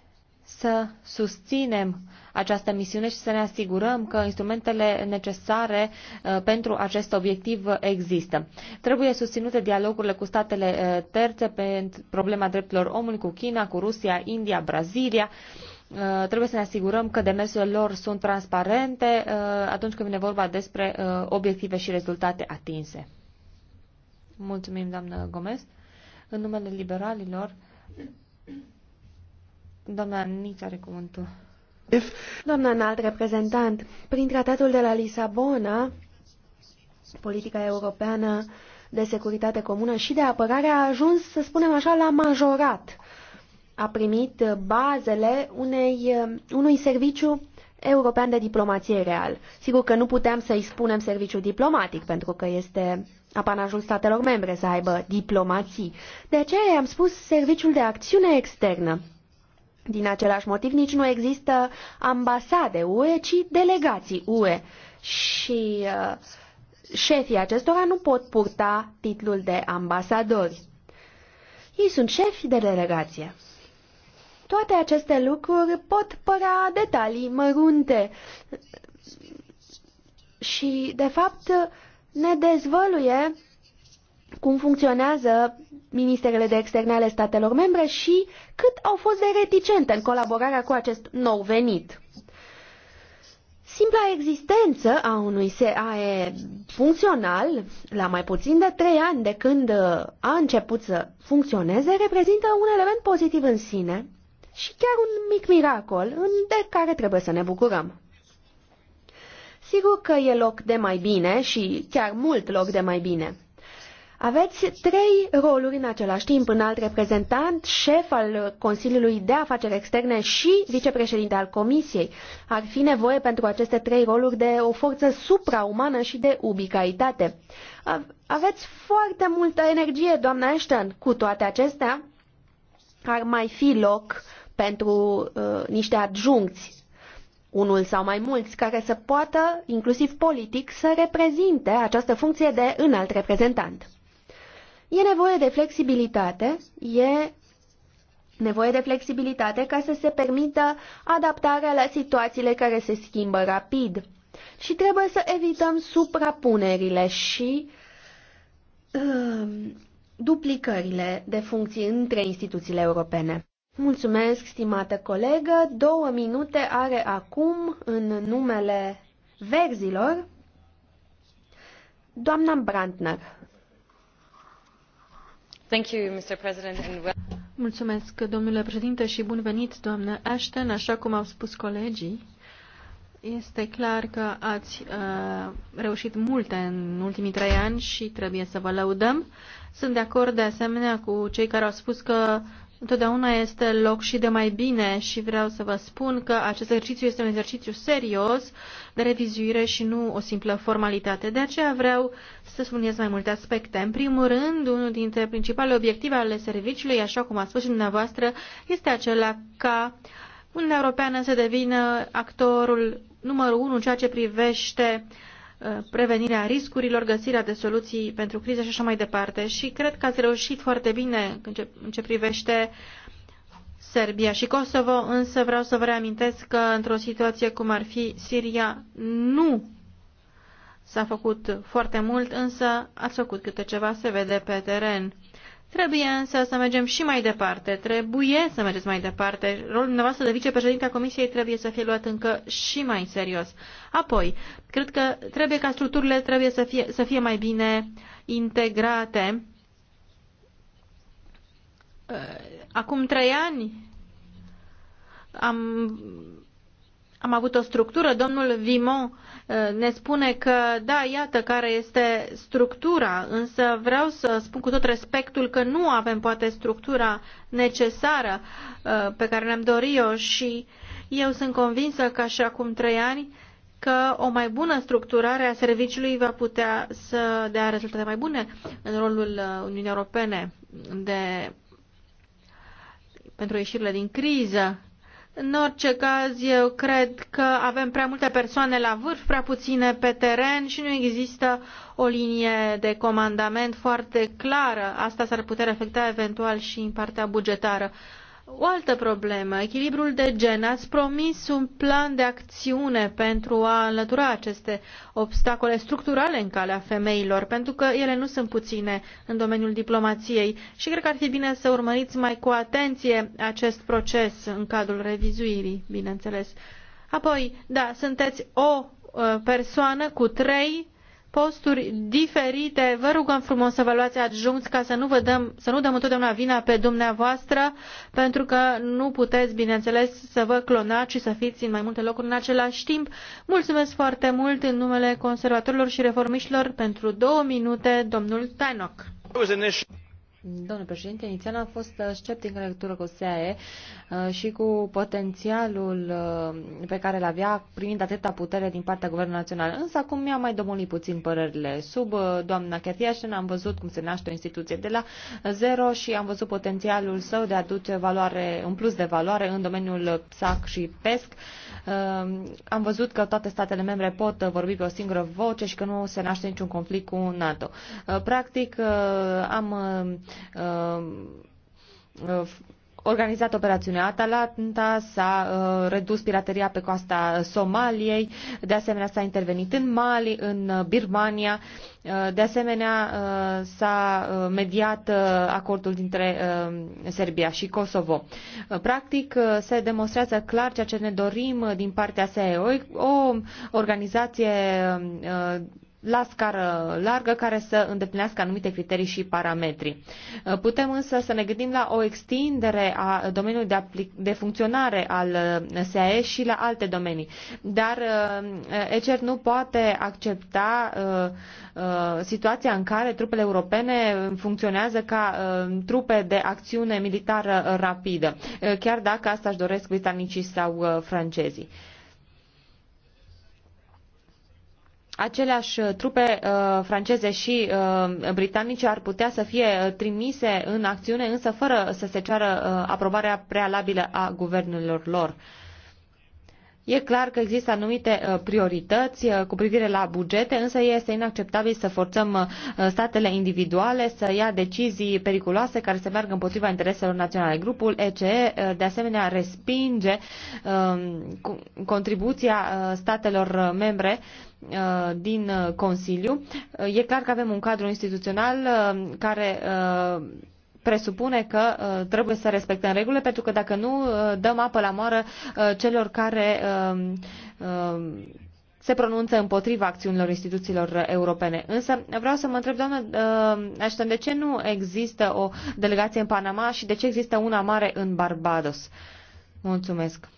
să susținem această misiune și să ne asigurăm că instrumentele necesare uh, pentru acest obiectiv există. Trebuie susținute dialogurile cu statele uh, terțe pentru problema drepturilor omului, cu China, cu Rusia, India, Brazilia. Uh, Uh, trebuie să ne asigurăm că demersurile lor sunt transparente uh, atunci când vine vorba despre uh, obiective și rezultate atinse. Mulțumim, doamnă Gomez. În numele liberalilor, doamna Nici are cuvântul.
Doamna înalt reprezentant, prin tratatul de la Lisabona, politica europeană de securitate comună și de apărare a ajuns, să spunem așa, la majorat a primit bazele unei, unui serviciu european de diplomație real. Sigur că nu puteam să-i spunem serviciu diplomatic, pentru că este apanajul statelor membre să aibă diplomații. De aceea i-am spus serviciul de acțiune externă. Din același motiv, nici nu există ambasade UE, ci delegații UE. Și uh, șefii acestora nu pot purta titlul de ambasadori. Ei sunt șefi de delegație. Toate aceste lucruri pot părea detalii mărunte și, de fapt, ne dezvăluie cum funcționează ministerele de externe ale statelor membre și cât au fost de reticente în colaborarea cu acest nou venit. Simpla existență a unui SAE funcțional, la mai puțin de trei ani de când a început să funcționeze, reprezintă un element pozitiv în sine, și chiar un mic miracol de care trebuie să ne bucurăm. Sigur că e loc de mai bine și chiar mult loc de mai bine. Aveți trei roluri în același timp, înalt reprezentant, șef al Consiliului de Afaceri Externe și vicepreședinte al Comisiei. Ar fi nevoie pentru aceste trei roluri de o forță supraumană și de ubicaitate. Aveți foarte multă energie, doamna Ashton. Cu toate acestea, ar mai fi loc pentru uh, niște adjuncți, unul sau mai mulți, care să poată, inclusiv politic, să reprezinte această funcție de înalt reprezentant. E nevoie de flexibilitate, e nevoie de flexibilitate ca să se permită adaptarea la situațiile care se schimbă rapid. Și trebuie să evităm suprapunerile și uh, duplicările de funcții între instituțiile europene. Mulțumesc, stimată colegă. Două minute are acum, în numele verzilor, doamna Brandner.
Thank you, Mr. President, and
Mulțumesc,
domnule președinte, și bun venit, doamnă Ashton. Așa cum au spus colegii, este clar că ați uh, reușit multe în ultimii trei ani și trebuie să vă lăudăm. Sunt de acord de asemenea cu cei care au spus că întotdeauna este loc și de mai bine și vreau să vă spun că acest exercițiu este un exercițiu serios de revizuire și nu o simplă formalitate. De aceea vreau să spuneți mai multe aspecte. În primul rând, unul dintre principalele obiective ale serviciului, așa cum a spus și dumneavoastră, este acela ca Uniunea Europeană să devină actorul numărul unu în ceea ce privește uh, Uh, prevenirea riscurilor, găsirea de soluții pentru crize și așa mai departe. Și cred că ați reușit foarte bine în ce, în ce privește Serbia și Kosovo, însă vreau să vă reamintesc că într-o situație cum ar fi Siria nu s-a făcut foarte mult, însă ați făcut câte ceva, se vede pe teren. Trebuie însă să mergem și mai departe. Trebuie să mergeți mai departe. Rolul dumneavoastră de vicepreședinte a Comisiei trebuie să fie luat încă și mai în serios. Apoi, cred că trebuie ca structurile trebuie să fie, să fie mai bine integrate. Uh, acum trei ani am, am avut o structură, domnul Vimon ne spune că, da, iată care este structura, însă vreau să spun cu tot respectul că nu avem poate structura necesară uh, pe care ne-am dorit-o și eu sunt convinsă că așa acum trei ani că o mai bună structurare a serviciului va putea să dea rezultate mai bune în rolul uh, Uniunii Europene de, pentru ieșirile din criză în orice caz, eu cred că avem prea multe persoane la vârf, prea puține pe teren și nu există o linie de comandament foarte clară. Asta s-ar putea afecta eventual și în partea bugetară. O altă problemă, echilibrul de gen. Ați promis un plan de acțiune pentru a înlătura aceste obstacole structurale în calea femeilor, pentru că ele nu sunt puține în domeniul diplomației și cred că ar fi bine să urmăriți mai cu atenție acest proces în cadrul revizuirii, bineînțeles. Apoi, da, sunteți o uh, persoană cu trei posturi diferite. Vă rugăm frumos să vă luați adjuncți ca să nu, vă dăm, să nu dăm întotdeauna vina pe dumneavoastră, pentru că nu puteți, bineînțeles, să vă clonați și să fiți în mai multe locuri în același timp. Mulțumesc foarte mult în numele conservatorilor și reformiștilor pentru două minute, domnul Tanok.
Domnule președinte, inițial am fost uh, sceptic în legătură cu SAE uh, și cu potențialul uh, pe care îl avea primind atâta putere din partea Guvernului Național. Însă acum mi-a mai domolit puțin părerile. Sub doamna Chetiașen am văzut cum se naște o instituție de la zero și am văzut potențialul său de a aduce valoare, un plus de valoare în domeniul PSAC și PESC Ehm, am văzut că toate statele membre pot vorbi pe o singură voce și că nu se naște niciun conflict cu NATO. Eh, practic, eh, am ehm, organizat operațiunea Atalanta, s-a uh, redus pirateria pe coasta Somaliei, de asemenea s-a intervenit în Mali, în uh, Birmania, uh, de asemenea s-a mediat acordul dintre Serbia și Kosovo. Practic se demonstrează clar ceea ce ne dorim din partea SEO, o organizație la scară largă care să îndeplinească anumite criterii și parametri. Uh, putem însă să ne gândim la o extindere a domeniului de, de funcționare al uh, SAE și la alte domenii. Dar uh, ECER nu poate accepta situația în care trupele europene funcționează ca trupe de acțiune militară rapidă, chiar dacă asta își doresc britanicii sau francezii. aceleași uh, trupe uh, franceze și uh, britanice ar putea să fie uh, trimise în acțiune, însă fără să se ceară uh, aprobarea prealabilă a guvernelor lor. Uh, E clar că există anumite uh, priorități uh, cu privire la bugete, însă este inacceptabil să forțăm uh, statele individuale să ia decizii periculoase care să meargă împotriva intereselor naționale. Grupul ECE, de asemenea, respinge um, contribuția statelor membre din Consiliu. E clar că avem un cadru instituțional care presupune că uh, trebuie să respectăm regulile, pentru că dacă nu, uh, dăm apă la moară uh, celor care um, um, se pronunță împotriva acțiunilor instituțiilor europene. Însă vreau să mă întreb, doamnă Ashton, de ce nu există o delegație în Panama și de ce există una mare în Barbados? Mulțumesc.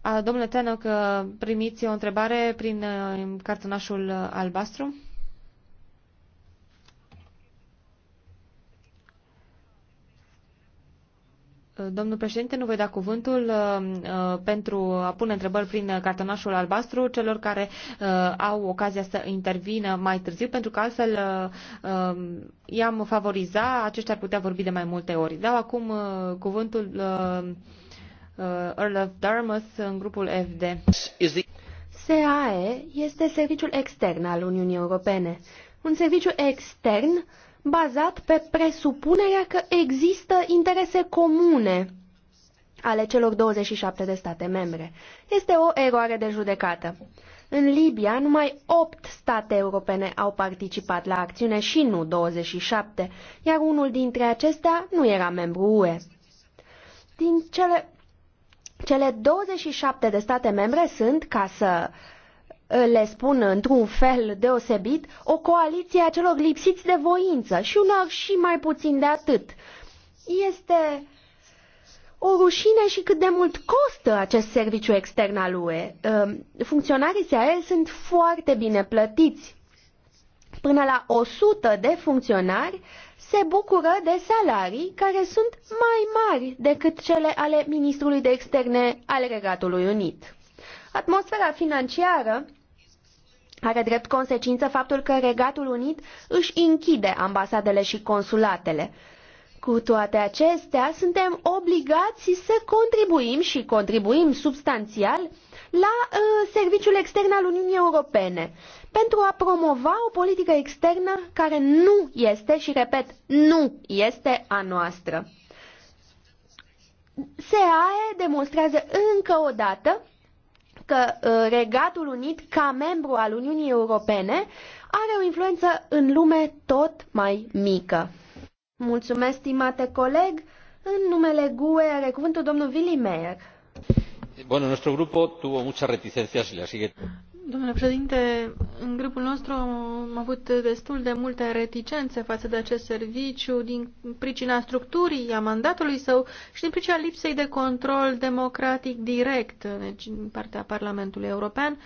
A, domnule Tenoc, primiți o întrebare prin cartonașul albastru? Domnul președinte, nu voi da cuvântul uh, uh pentru a pune întrebări prin uh, cartonașul albastru celor care uh, au ocazia să intervină mai târziu, pentru că altfel uh, uh i-am favoriza, aceștia ar putea vorbi de mai multe ori. Dau acum uh, cuvântul uh, uh, Earl of Dartmouth în
grupul FD. SAE este serviciul extern al Uniunii Europene. Un serviciu extern bazat pe presupunerea că există interese comune ale celor 27 de state membre. Este o eroare de judecată. În Libia, numai 8 state europene au participat la acțiune și nu 27, iar unul dintre acestea nu era membru UE. Din cele, cele 27 de state membre sunt, ca să uh, le spun într-un fel deosebit, o coaliție a celor lipsiți de voință și unor și mai puțin de atât. Este o rușine și cât de mult costă acest serviciu extern al UE. Ă, funcționarii SAE sunt foarte bine plătiți. Până la 100 de funcționari se bucură de salarii care sunt mai mari decât cele ale ministrului de externe al Regatului Unit. Atmosfera financiară are drept consecință faptul că Regatul Unit își închide ambasadele și consulatele. Cu toate acestea, suntem obligați să contribuim și contribuim substanțial la uh, serviciul extern al Uniunii Europene pentru a promova o politică externă care nu este, și repet, nu este a noastră. SEAE demonstrează încă o dată că uh, Regatul Unit, ca membru al Uniunii Europene, are o influență în lume tot mai mică. Mulțumesc, stimate coleg. În numele GUE are cuvântul domnul Willy Meyer.
Bueno, nuestro grupo tuvo muchas reticencias y las sigue.
Domnule președinte, în grupul nostru am
avut destul de multe reticențe față de acest serviciu din pricina structurii, a mandatului său și din pricina lipsei de control democratic direct deci, din partea Parlamentului European. Uh,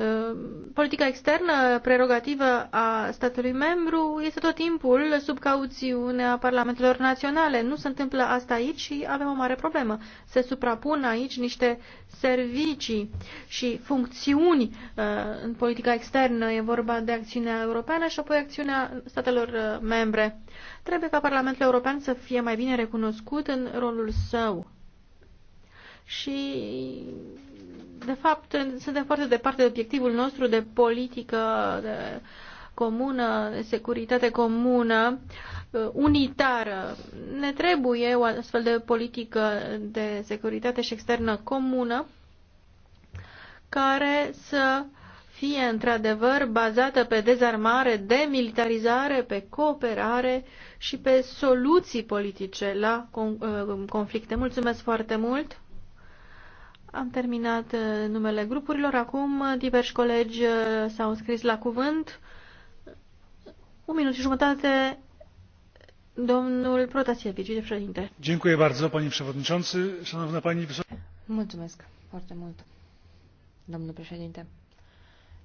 Ehm, politica externă, prerogativă a statului membru, este tot timpul sub cauțiunea parlamentelor naționale. Nu se întâmplă asta aici și avem o mare problemă. Se suprapun aici niște servicii și funcțiuni ehm, în politica externă. E vorba de acțiunea europeană și apoi acțiunea statelor ehm, membre. Trebuie ca Parlamentul European să fie mai bine recunoscut în rolul său. Și de fapt, suntem foarte departe de obiectivul nostru de politică de comună, de securitate comună, uh, unitară. Ne trebuie o astfel de politică de securitate și externă comună care să fie într-adevăr bazată pe dezarmare, demilitarizare, pe cooperare și pe soluții politice la uh, conflicte. Mulțumesc foarte mult! Am terminat uh, numele grupurilor. Acum uh, diversi colegi uh, s-au scris la cuvânt. Un minut și jumătate, domnul Protasiewicz, vicepreședinte.
Dziękuję bardzo, panie przewodniczący. Szanowna pani
Mulțumesc foarte
mult, domnul președinte.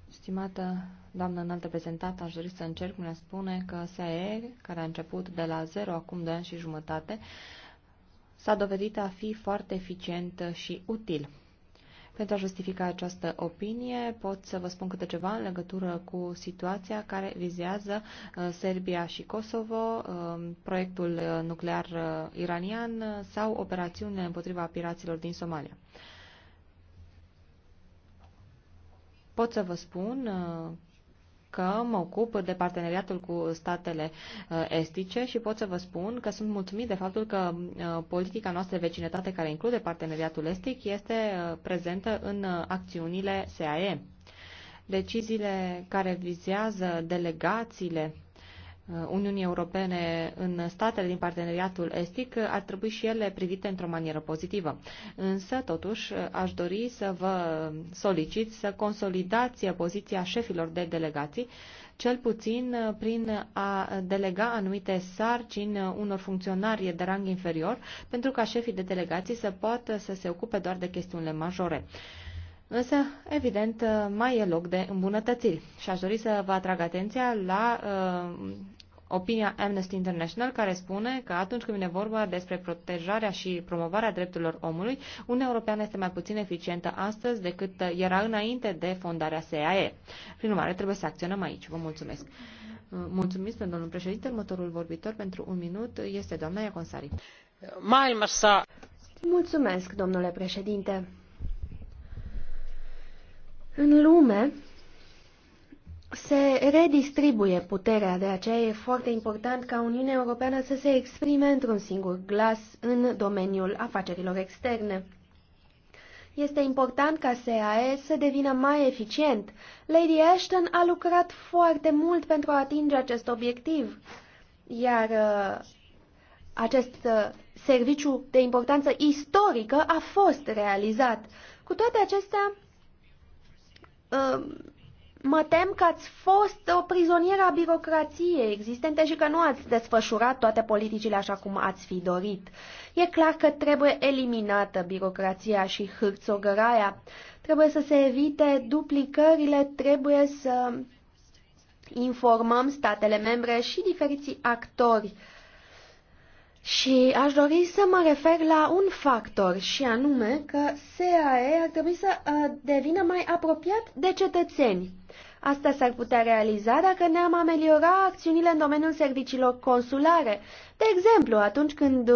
Stimată doamnă înaltă prezentată, aș dori să încerc mi a spune că SAE, care a început de la zero acum de ani și jumătate, s-a dovedit a fi foarte eficient și util. Pentru a justifica această opinie, pot să vă spun câte ceva în legătură cu situația care vizează uh, Serbia și Kosovo, uh, proiectul uh, nuclear iranian sau operațiune împotriva piraților din Somalia. Pot să vă spun că mă ocup de parteneriatul cu statele uh, estice și pot să vă spun că sunt mulțumit de faptul că uh, politica noastră de vecinătate care include parteneriatul estic este uh, prezentă în acțiunile SAE. Deciziile care vizează delegațiile Uh, Uniunii Europene în statele din parteneriatul estic uh, ar trebui și ele privite într-o manieră pozitivă. Însă, totuși, uh, aș dori să vă solicit să consolidați poziția șefilor de delegații, cel puțin prin a delega anumite sarcini unor funcționari de rang inferior, pentru ca șefii de delegații să poată să se ocupe doar de chestiunile majore. Însă, evident, mai e loc de îmbunătățiri și aș dori să vă atrag atenția la uh, opinia Amnesty International care spune că atunci când vine vorba despre protejarea și promovarea drepturilor omului, Uniunea Europeană este mai puțin eficientă astăzi decât era înainte de fondarea SAE. Prin urmare, trebuie să acționăm aici. Vă mulțumesc. Uh, mulțumesc, domnul președinte. Următorul vorbitor pentru un minut este doamna Iaconsari.
Mulțumesc, domnule președinte. În lume se redistribuie puterea, de aceea e foarte important ca Uniunea Europeană să se exprime într-un singur glas în domeniul afacerilor externe. Este important ca SAE să devină mai eficient. Lady Ashton a lucrat foarte mult pentru a atinge acest obiectiv, iar uh, acest uh, serviciu de importanță istorică a fost realizat. Cu toate acestea, Ehm, mă tem că ați fost o prizonieră a birocrației existente și că nu ați desfășurat toate politicile așa cum ați fi dorit. E clar că trebuie eliminată birocrația și hârțogăraia, trebuie să se evite duplicările, trebuie să informăm statele membre și diferiții actori uh, și aș dori să mă refer la un factor, și anume că SAE ar trebui să uh, devină mai apropiat de cetățeni. Asta s-ar putea realiza dacă ne-am ameliora acțiunile în domeniul serviciilor consulare. De exemplu, atunci când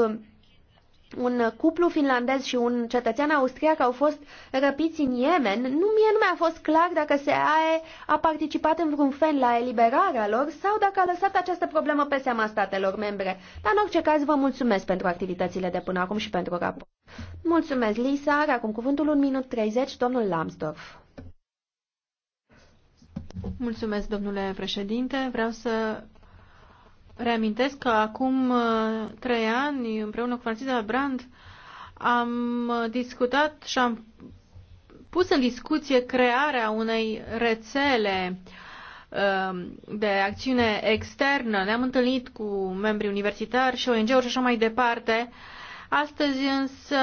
un cuplu finlandez și un cetățean austriac au fost răpiți în Yemen, nu mie nu mi-a fost clar dacă SAE a participat în vreun fel la eliberarea lor sau dacă a lăsat această problemă pe seama statelor membre. Dar în orice caz vă mulțumesc pentru activitățile de până acum și pentru raport. Mulțumesc, Lisa. Are acum cuvântul 1 minut 30, domnul Lambsdorff. Mulțumesc, domnule
președinte. Vreau să Reamintesc că acum uh, trei ani, împreună cu Francisca Brand, am uh, discutat și am pus în discuție crearea unei rețele uh, de acțiune externă. Ne-am întâlnit cu membrii universitari și ONG-uri și așa mai departe. Astăzi însă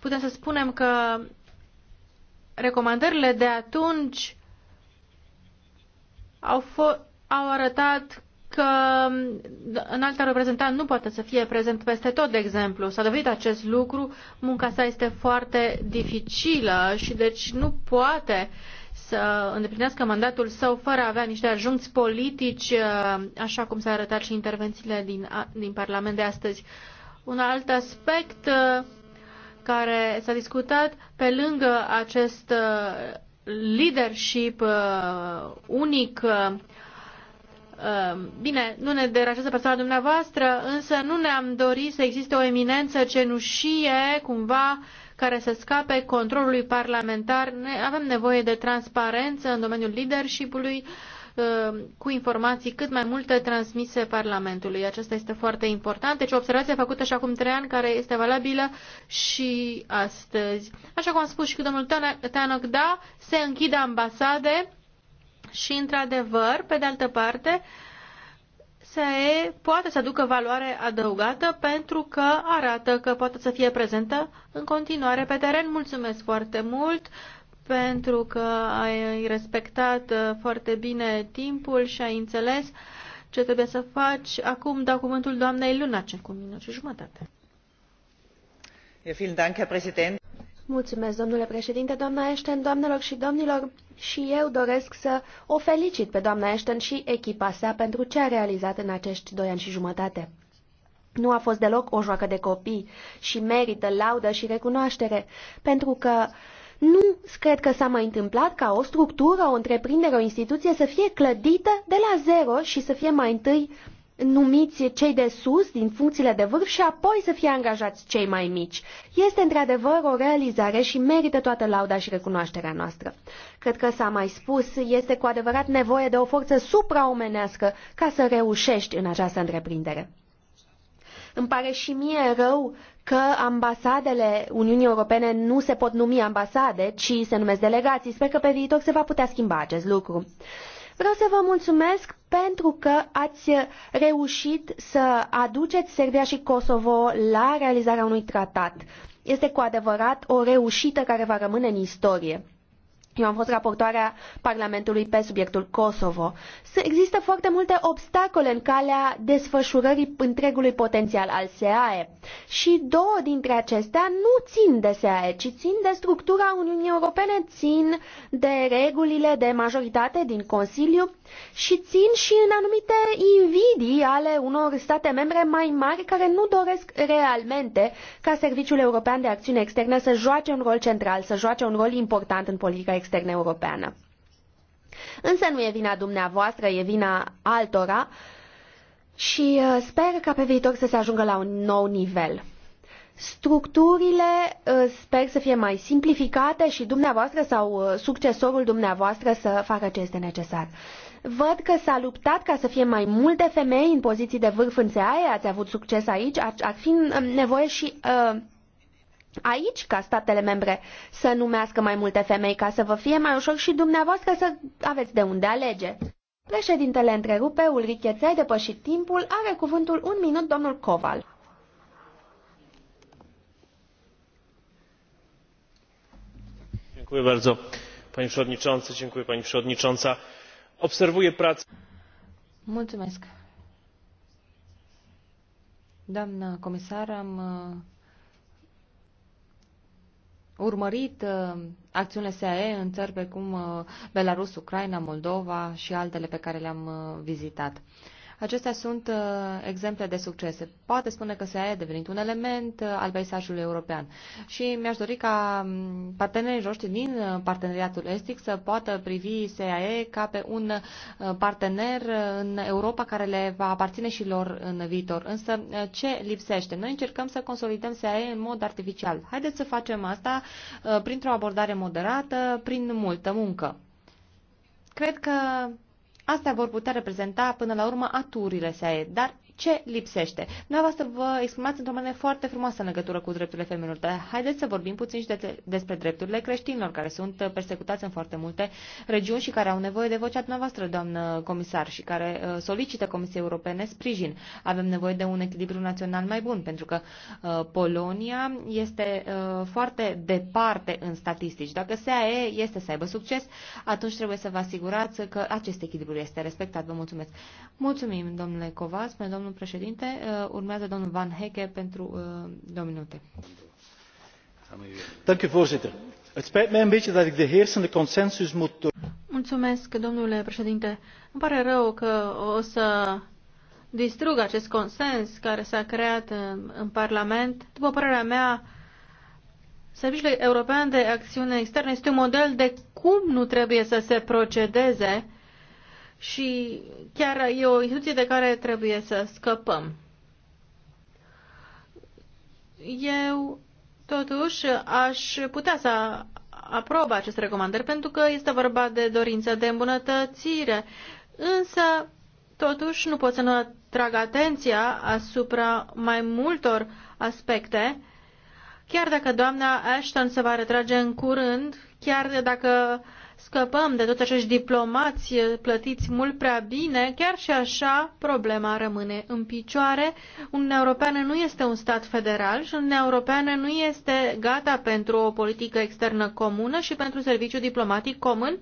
putem să spunem că recomandările de atunci au, au arătat că um, în alta reprezentant nu poate să fie prezent peste tot, de exemplu. S-a dovedit acest lucru, munca sa este foarte dificilă și deci nu poate să îndeplinească mandatul său fără a avea niște ajunți politici, uh, așa cum s-a arătat și intervențiile din, din Parlament de astăzi. Un alt aspect uh, care s-a discutat pe lângă acest uh, leadership unic Um, bine, nu ne deranjează persoana dumneavoastră, însă nu ne-am dorit să existe o eminență cenușie, cumva, care să scape controlului parlamentar. Ne, avem nevoie de transparență în domeniul leadership-ului um, cu informații cât mai multe transmise Parlamentului. Aceasta este foarte important. Deci o observație făcută și acum trei ani care este valabilă și astăzi. Așa cum a spus și domnul Tanoc, da, se închid ambasade și, într-adevăr, pe de altă parte, se poate să aducă valoare adăugată pentru că arată că poate să fie prezentă în continuare pe teren. Mulțumesc foarte mult pentru că ai respectat uh, foarte bine timpul și ai înțeles ce trebuie să faci. Acum dau cuvântul doamnei ce cu minut și jumătate.
Mulțumesc, domnule președinte, doamna Ashton, doamnelor și domnilor, și eu doresc să o felicit pe doamna Ashton și echipa sa pentru ce a realizat în acești doi ani și jumătate. Nu a fost deloc o joacă de copii și merită laudă și recunoaștere, pentru că nu cred că s-a mai întâmplat ca o structură, o întreprindere, o instituție să fie clădită de la zero și să fie mai întâi numiți cei de sus din funcțiile de vârf și apoi să fie angajați cei mai mici. Este într-adevăr o realizare și merită toată lauda și recunoașterea noastră. Cred că s-a mai spus, este cu adevărat nevoie de o forță supraomenească ca să reușești în această întreprindere. Îmi pare și mie rău că ambasadele Uniunii Europene nu se pot numi ambasade, ci se numesc delegații. Sper că pe viitor se va putea schimba acest lucru. Vreau să vă mulțumesc pentru că ați reușit să aduceți Serbia și Kosovo la realizarea unui tratat. Este cu adevărat o reușită care va rămâne în istorie. Eu am fost raportoarea Parlamentului pe subiectul Kosovo. Există foarte multe obstacole în calea desfășurării întregului potențial al SEAE și două dintre acestea nu țin de SEAE, ci țin de structura Uniunii Europene, țin de regulile de majoritate din Consiliu și țin și în anumite invidii ale unor state membre mai mari care nu doresc realmente ca Serviciul European de Acțiune Externă să joace un rol central, să joace un rol important în politica externă europeană. Însă nu e vina dumneavoastră, e vina altora și uh, sper ca pe viitor să se ajungă la un nou nivel. Structurile uh, sper să fie mai simplificate și dumneavoastră sau uh, succesorul dumneavoastră să facă ce este necesar. Văd că s-a luptat ca să fie mai multe femei în poziții de vârf în SEAE, ați avut succes aici, ar, ar fi nevoie și uh, aici ca statele membre să numească mai multe femei ca să vă fie mai ușor și dumneavoastră să aveți de unde alege. Președintele întrerupe, Ulrich Ețai, depășit timpul, are cuvântul un minut domnul Coval.
Dziękuję bardzo, panie przewodniczący, dziękuję pani przewodnicząca. Obserwuję pracę.
Mulțumesc. Doamna comisar, am urmărit uh, acțiunile SAE în țări precum uh, Belarus, Ucraina, Moldova și altele pe care le-am uh, vizitat. Acestea sunt uh, exemple de succese. Poate spune că SEA a devenit un element uh, al peisajului european. Și mi-aș dori ca mm, partenerii noștri din uh, parteneriatul estic să poată privi SEAE ca pe un uh, partener uh, în Europa care le va aparține și lor în viitor. Însă uh, ce lipsește? Noi încercăm să consolidăm SEAE în mod artificial. Haideți să facem asta uh, printr-o abordare moderată, prin multă muncă. Cred că Astea vor putea reprezenta până la urmă aturile SAE, dar ce lipsește. Dumneavoastră vă exprimați într-o manieră foarte frumoasă în legătură cu drepturile femeilor, dar haideți să vorbim puțin și de, despre drepturile creștinilor, care sunt persecutați în foarte multe regiuni și care au nevoie de vocea dumneavoastră, doamnă comisar, și care uh, solicită Comisiei Europene sprijin. Avem nevoie de un echilibru național mai bun, pentru că uh, Polonia este uh, foarte departe în statistici. Dacă SAE este să aibă succes, atunci trebuie să vă asigurați că acest echilibru este respectat. Vă mulțumesc. Mulțumim, domnule Covas, pe domnul domnul președinte. Uh, urmează domnul Van Hecke
pentru uh, două minute.
Dank u, voorzitter. Het spijt mij een beetje dat ik de heersende consensus moet...
Mulțumesc, domnule președinte. Îmi pare rău că o să distrug acest consens care s-a creat în, în Parlament. După părerea mea, Serviciul European de Acțiune Externă este un model de cum nu trebuie să se procedeze și chiar e o instituție de care trebuie să scăpăm. Eu, totuși, aș putea să aprob aceste recomandări pentru că este vorba de dorință de îmbunătățire, însă, totuși, nu pot să nu atrag atenția asupra mai multor aspecte, chiar dacă doamna Ashton se va retrage în curând, chiar dacă uh, scăpăm de toți acești diplomați plătiți mult prea bine, chiar și așa problema rămâne în picioare. Uniunea Europeană nu este un stat federal și Uniunea Europeană nu este gata pentru o politică externă comună și pentru serviciu diplomatic comun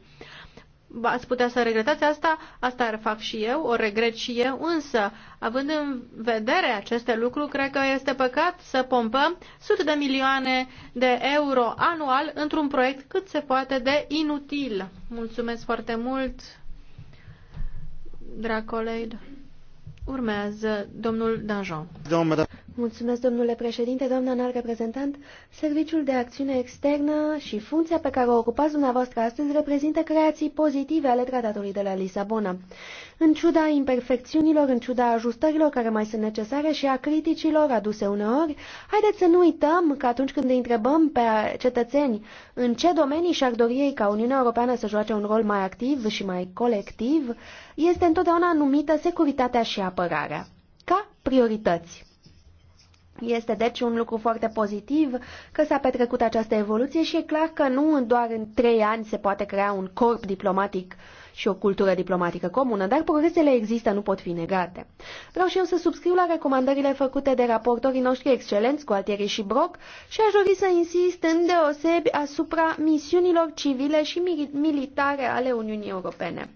ați putea să regretați asta, asta ar fac și eu, o regret și eu, însă, având în vedere aceste lucruri, cred că este păcat să pompăm sute de milioane de euro anual într-un proiect cât se poate de inutil. Mulțumesc foarte mult,
drag coleg. Urmează domnul Danjon. Mulțumesc, domnule președinte, doamna înalt reprezentant. Serviciul de acțiune externă și funcția pe care o ocupați dumneavoastră astăzi reprezintă creații pozitive ale tratatului de la Lisabona. În ciuda imperfecțiunilor, în ciuda ajustărilor care mai sunt necesare și a criticilor aduse uneori, haideți să nu uităm că atunci când îi întrebăm pe cetățeni în ce domenii și-ar dori ei ca Uniunea Europeană să joace un rol mai activ și mai colectiv, este întotdeauna numită securitatea și apărarea, ca priorități. Este deci un lucru foarte pozitiv că s-a petrecut această evoluție și e clar că nu doar în trei ani se poate crea un corp diplomatic și o cultură diplomatică comună, dar progresele există, nu pot fi negate. Vreau și eu să subscriu la recomandările făcute de raportorii noștri excelenți, Gualtieri și Broc, și aș dori să insist în deosebi asupra misiunilor civile și militare ale Uniunii Europene.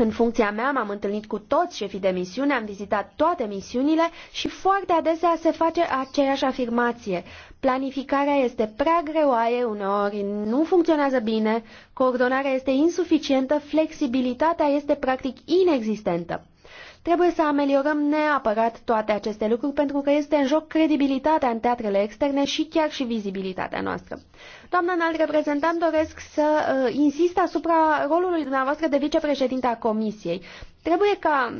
În funcția mea m-am întâlnit cu toți șefii de misiune, am vizitat toate misiunile și foarte adesea se face aceeași afirmație. Planificarea este prea greoaie, uneori nu funcționează bine, coordonarea este insuficientă, flexibilitatea este practic inexistentă. Trebuie să ameliorăm neapărat toate aceste lucruri pentru că este în joc credibilitatea în teatrele externe și chiar și vizibilitatea noastră. Doamna înalt reprezentant, doresc să uh, insist asupra rolului dumneavoastră de vicepreședinte a Comisiei. Trebuie ca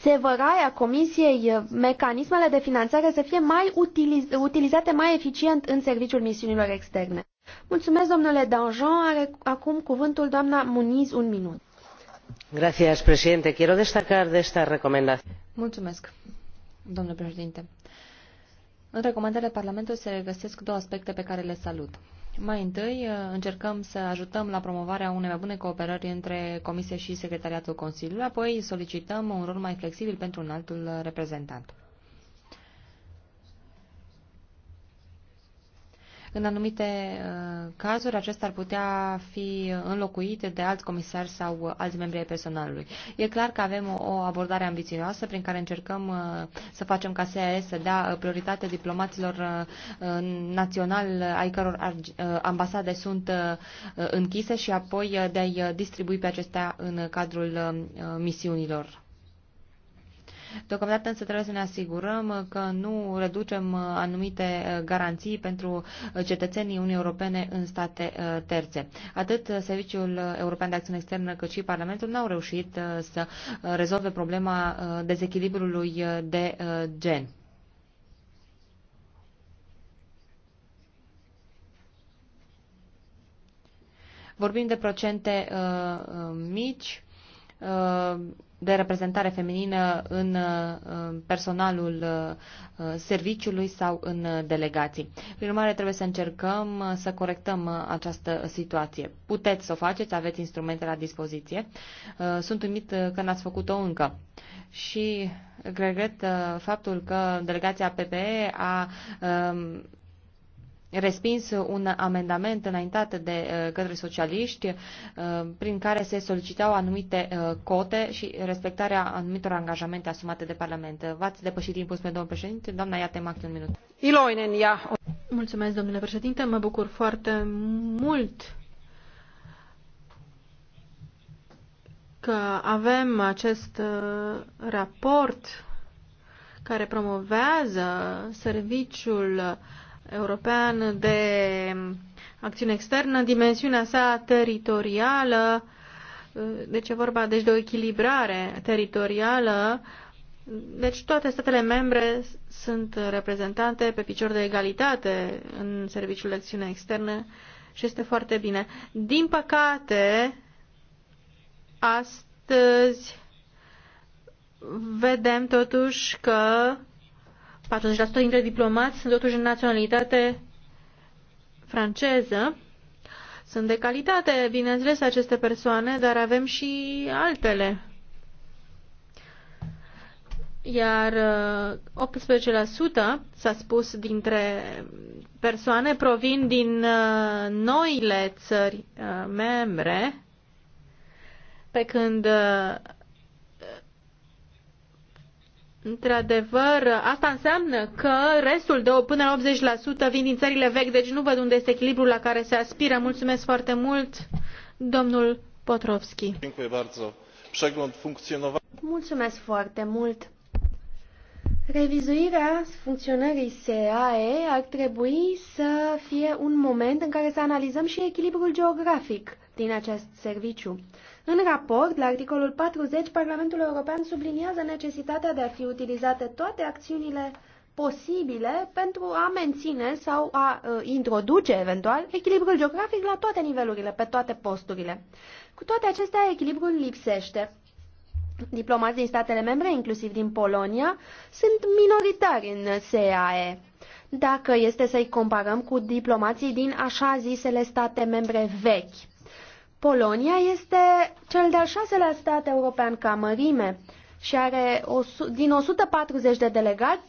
țevăraia Comisiei uh, mecanismele de finanțare să fie mai utiliz utilizate mai eficient în serviciul misiunilor externe. Mulțumesc, domnule Danjon. Are acum cuvântul doamna Muniz, un minut
presidente. Quiero destacar de esta recomendación.
Mulțumesc, domnule președinte.
În recomandarea Parlamentului se regăsesc două aspecte pe care le salut. Mai întâi, încercăm să ajutăm la promovarea unei mai bune cooperări între Comisie și Secretariatul Consiliului, apoi solicităm un rol mai flexibil pentru un altul reprezentant. În anumite cazuri, acesta ar putea fi înlocuit de alți comisari sau alți membri ai personalului. E clar că avem o abordare ambițioasă prin care încercăm uh, să facem ca SAS să dea uh, prioritate diplomaților uh, naționali ai căror ambasade sunt închise și apoi de a-i distribui pe acestea în cadrul misiunilor Deocamdată însă trebuie să ne asigurăm că nu reducem uh, anumite uh, garanții pentru uh, cetățenii Uniunii Europene în state terțe. Atât Serviciul European de Acțiune Externă cât și Parlamentul n-au reușit să rezolve problema dezechilibrului de gen. Vorbim de procente uh, mici. Uh, de reprezentare feminină în uh, personalul uh, uh, serviciului sau în delegații. Prin urmare, trebuie să încercăm să corectăm această situație. Puteți să o faceți, aveți instrumente la dispoziție. Sunt uimit că n-ați făcut-o încă. Și regret faptul că delegația PPE a um, respins un amendament înaintat de uh, către socialiști uh, prin care se solicitau anumite uh, cote și respectarea anumitor angajamente asumate de Parlament. V-ați depășit timpul, spune domnul președinte. Doamna Iatemac, un minut.
Iloinen, ia. Mulțumesc, domnule președinte. Mă bucur foarte mult că avem acest raport care promovează serviciul uh, European de Acțiune Externă, dimensiunea sa teritorială, deci e vorba deci de o echilibrare teritorială, deci toate statele membre sunt reprezentante pe picior de egalitate în Serviciul de Acțiune Externă și este foarte bine. Din păcate, astăzi vedem totuși că 40% dintre diplomați sunt totuși în naționalitate franceză. Sunt de calitate, bineînțeles, aceste persoane, dar avem și altele. Iar 18% uh, s-a spus dintre persoane provin din uh, noile țări uh, membre, pe când Într-adevăr, asta înseamnă că restul de până la 80% vin din țările vechi, deci nu văd unde este echilibrul la care se aspiră. Mulțumesc foarte mult, domnul Potrovski.
Mulțumesc foarte mult. Revizuirea funcționării SEAE ar trebui să fie un moment în care să analizăm și echilibrul geografic din acest serviciu. În raport, la articolul 40, Parlamentul European subliniază necesitatea de a fi utilizate toate acțiunile posibile pentru a menține sau a uh, introduce eventual echilibrul geografic la toate nivelurile, pe toate posturile. Cu toate acestea, echilibrul lipsește diplomați din statele membre, inclusiv din Polonia, sunt minoritari în SEAE. Dacă este să-i comparăm cu diplomații din așa zisele state membre vechi. Polonia este cel de-al șaselea stat european ca mărime și are o, din 140 de delegați,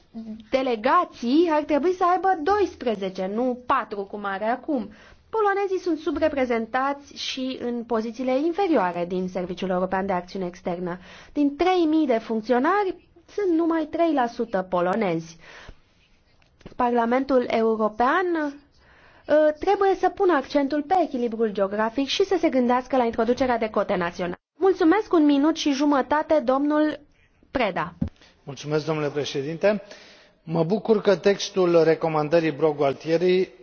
delegații ar trebui să aibă 12, nu 4 cum are acum polonezii sunt subreprezentați și în pozițiile inferioare din Serviciul European de Acțiune Externă. Din 3.000 de funcționari, sunt numai 3% polonezi. Parlamentul European ă, trebuie să pună accentul pe echilibrul geografic și să se gândească la introducerea de cote naționale. Mulțumesc un minut și jumătate, domnul Preda.
Mulțumesc, domnule președinte. Mă bucur că textul recomandării Brog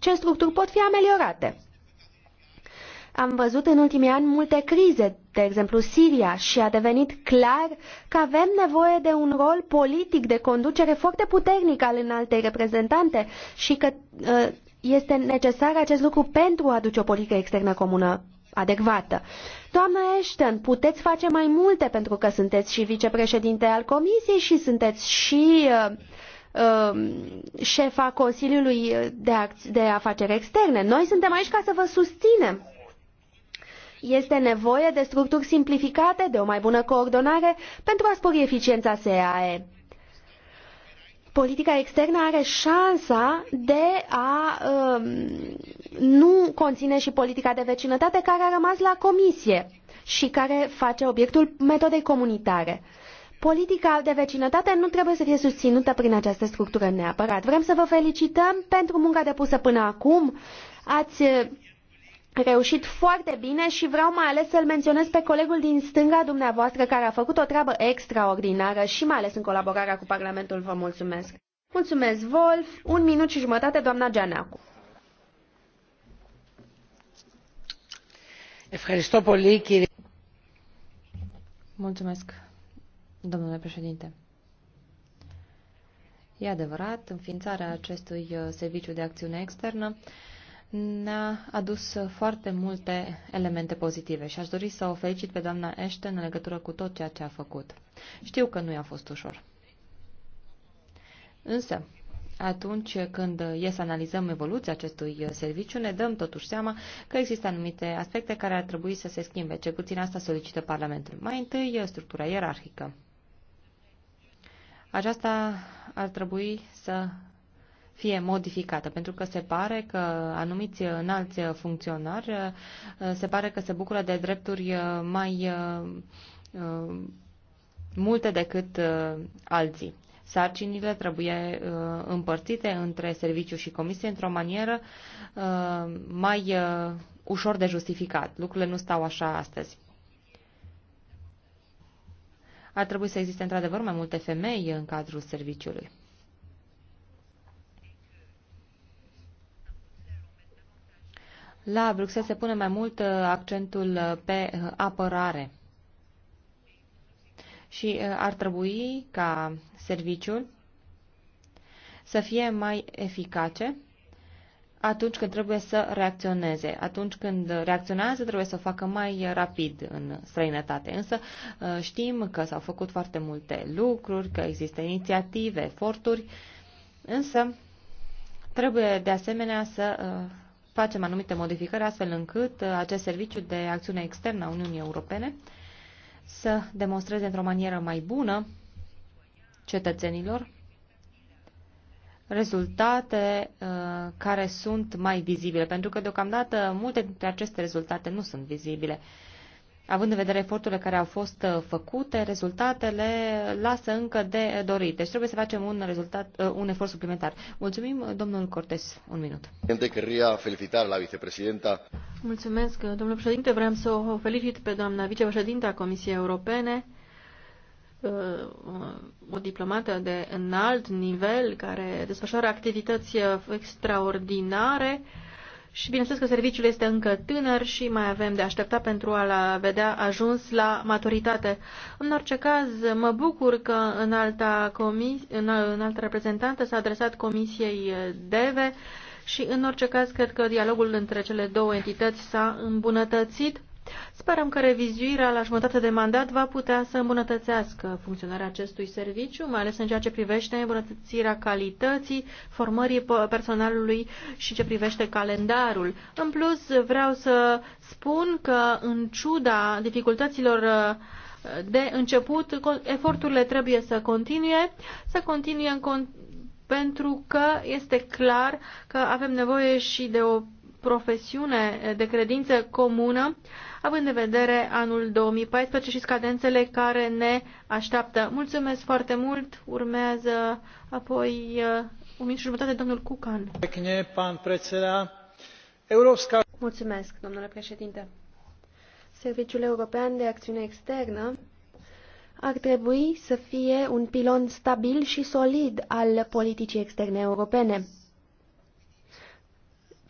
ce structuri pot fi ameliorate. Am văzut în ultimii ani multe crize, de exemplu Siria, și a devenit clar că avem nevoie de un rol politic de conducere foarte puternic al înaltei reprezentante și că uh, este necesar acest lucru pentru a aduce o politică externă comună adecvată. Doamna Ashton, puteți face mai multe pentru că sunteți și vicepreședinte al Comisiei și sunteți și uh, Um, șefa Consiliului de, de Afaceri Externe. Noi suntem aici ca să vă susținem. Este nevoie de structuri simplificate, de o mai bună coordonare pentru a spori eficiența SEAE. Politica externă are șansa de a um, nu conține și politica de vecinătate care a rămas la comisie și care face obiectul metodei comunitare. Politica de vecinătate nu trebuie să fie susținută prin această structură neapărat. Vrem să vă felicităm pentru munca depusă până acum. Ați eh, reușit foarte bine și vreau mai ales să-l menționez pe colegul din stânga dumneavoastră care a făcut o treabă extraordinară și mai ales în colaborarea cu Parlamentul. Vă mulțumesc! Mulțumesc, Wolf! Un minut și jumătate, doamna Gianacu.
Mulțumesc Domnule președinte, e adevărat, înființarea acestui uh, serviciu de acțiune externă ne-a adus foarte multe elemente pozitive și aș dori să o felicit pe doamna Ashton în legătură cu tot ceea ce a făcut. Știu că nu i-a fost ușor. Însă, atunci când e să analizăm evoluția acestui uh, serviciu, ne dăm totuși seama că există anumite aspecte care ar trebui să se schimbe. Cel puțin asta solicită Parlamentul. Mai întâi, uh, structura ierarhică aceasta ar trebui să fie modificată, pentru că se pare că anumiți înalți funcționari uh, se pare că se bucură de drepturi uh, mai uh, multe decât alții. Sarcinile trebuie împărțite între serviciu și comisie într-o manieră mai ușor de justificat. Lucrurile nu stau așa astăzi. Ar trebui să existe într-adevăr mai multe femei în cadrul serviciului. La Bruxelles se pune mai mult uh, accentul uh, pe uh, apărare și ar trebui ca serviciul să fie mai eficace atunci când trebuie să reacționeze. Atunci când reacționează, trebuie să o facă mai rapid în străinătate. Însă uh, știm că s-au făcut foarte multe lucruri, că există inițiative, eforturi, însă trebuie de asemenea să uh, facem anumite modificări astfel încât uh, acest serviciu de acțiune externă a Uniunii Europene să demonstreze într-o manieră mai bună cetățenilor rezultate uh, care sunt mai vizibile, pentru că deocamdată multe dintre aceste rezultate nu sunt vizibile. Având în vedere eforturile care au fost uh, făcute, rezultatele lasă încă de dorit. Deci trebuie să facem un, rezultat, uh, un efort
suplimentar. Mulțumim, domnul Cortes. Un minut. Mulțumesc, domnule președinte. Vreau să o felicit pe doamna vicepreședinta Comisiei Europene Uh, o diplomată de înalt nivel care desfășoară activități uh, extraordinare și bineînțeles că serviciul este încă tânăr și mai avem de așteptat pentru a-l vedea ajuns la maturitate. În orice caz, mă bucur că în alta, comis- în, în alta reprezentantă s-a adresat Comisiei DEVE și în orice caz cred că dialogul între cele două entități s-a îmbunătățit Sperăm că revizuirea la jumătate de mandat va putea să îmbunătățească funcționarea acestui serviciu, mai ales în ceea ce privește îmbunătățirea calității, formării personalului și ce privește calendarul. În plus, vreau să spun că, în ciuda dificultăților uh, de început, eforturile trebuie să continue, să continue în con- pentru că este clar că avem nevoie și de o profesiune de credință comună uh, având în vedere anul 2014 și scadențele care ne așteaptă. Mulțumesc foarte mult. Urmează apoi uh,
un minut și jumătate domnul Cucan. Mulțumesc, domnule președinte. Serviciul European de Acțiune Externă ar trebui să fie un pilon stabil și solid al politicii externe europene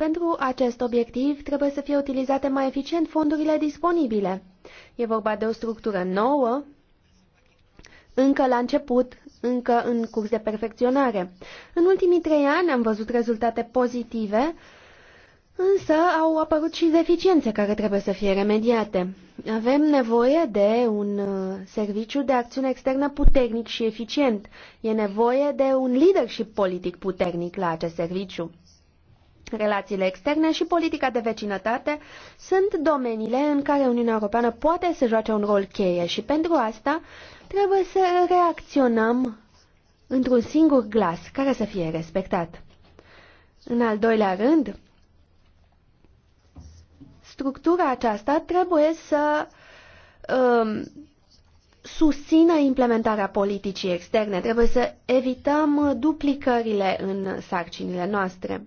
pentru acest obiectiv trebuie să fie utilizate mai eficient fondurile disponibile. E vorba de o structură nouă, încă la început, încă în curs de perfecționare. În ultimii trei ani am văzut rezultate pozitive, însă au apărut și deficiențe care trebuie să fie remediate. Avem nevoie de un uh, serviciu de acțiune externă puternic și eficient. E nevoie de un leadership politic puternic la acest serviciu. Relațiile externe și politica de vecinătate sunt domeniile în care Uniunea Europeană poate să joace un rol cheie și pentru asta trebuie să reacționăm într-un singur glas care să fie respectat. În al doilea rând, structura aceasta trebuie să um, susțină implementarea politicii externe, trebuie să evităm duplicările în sarcinile noastre.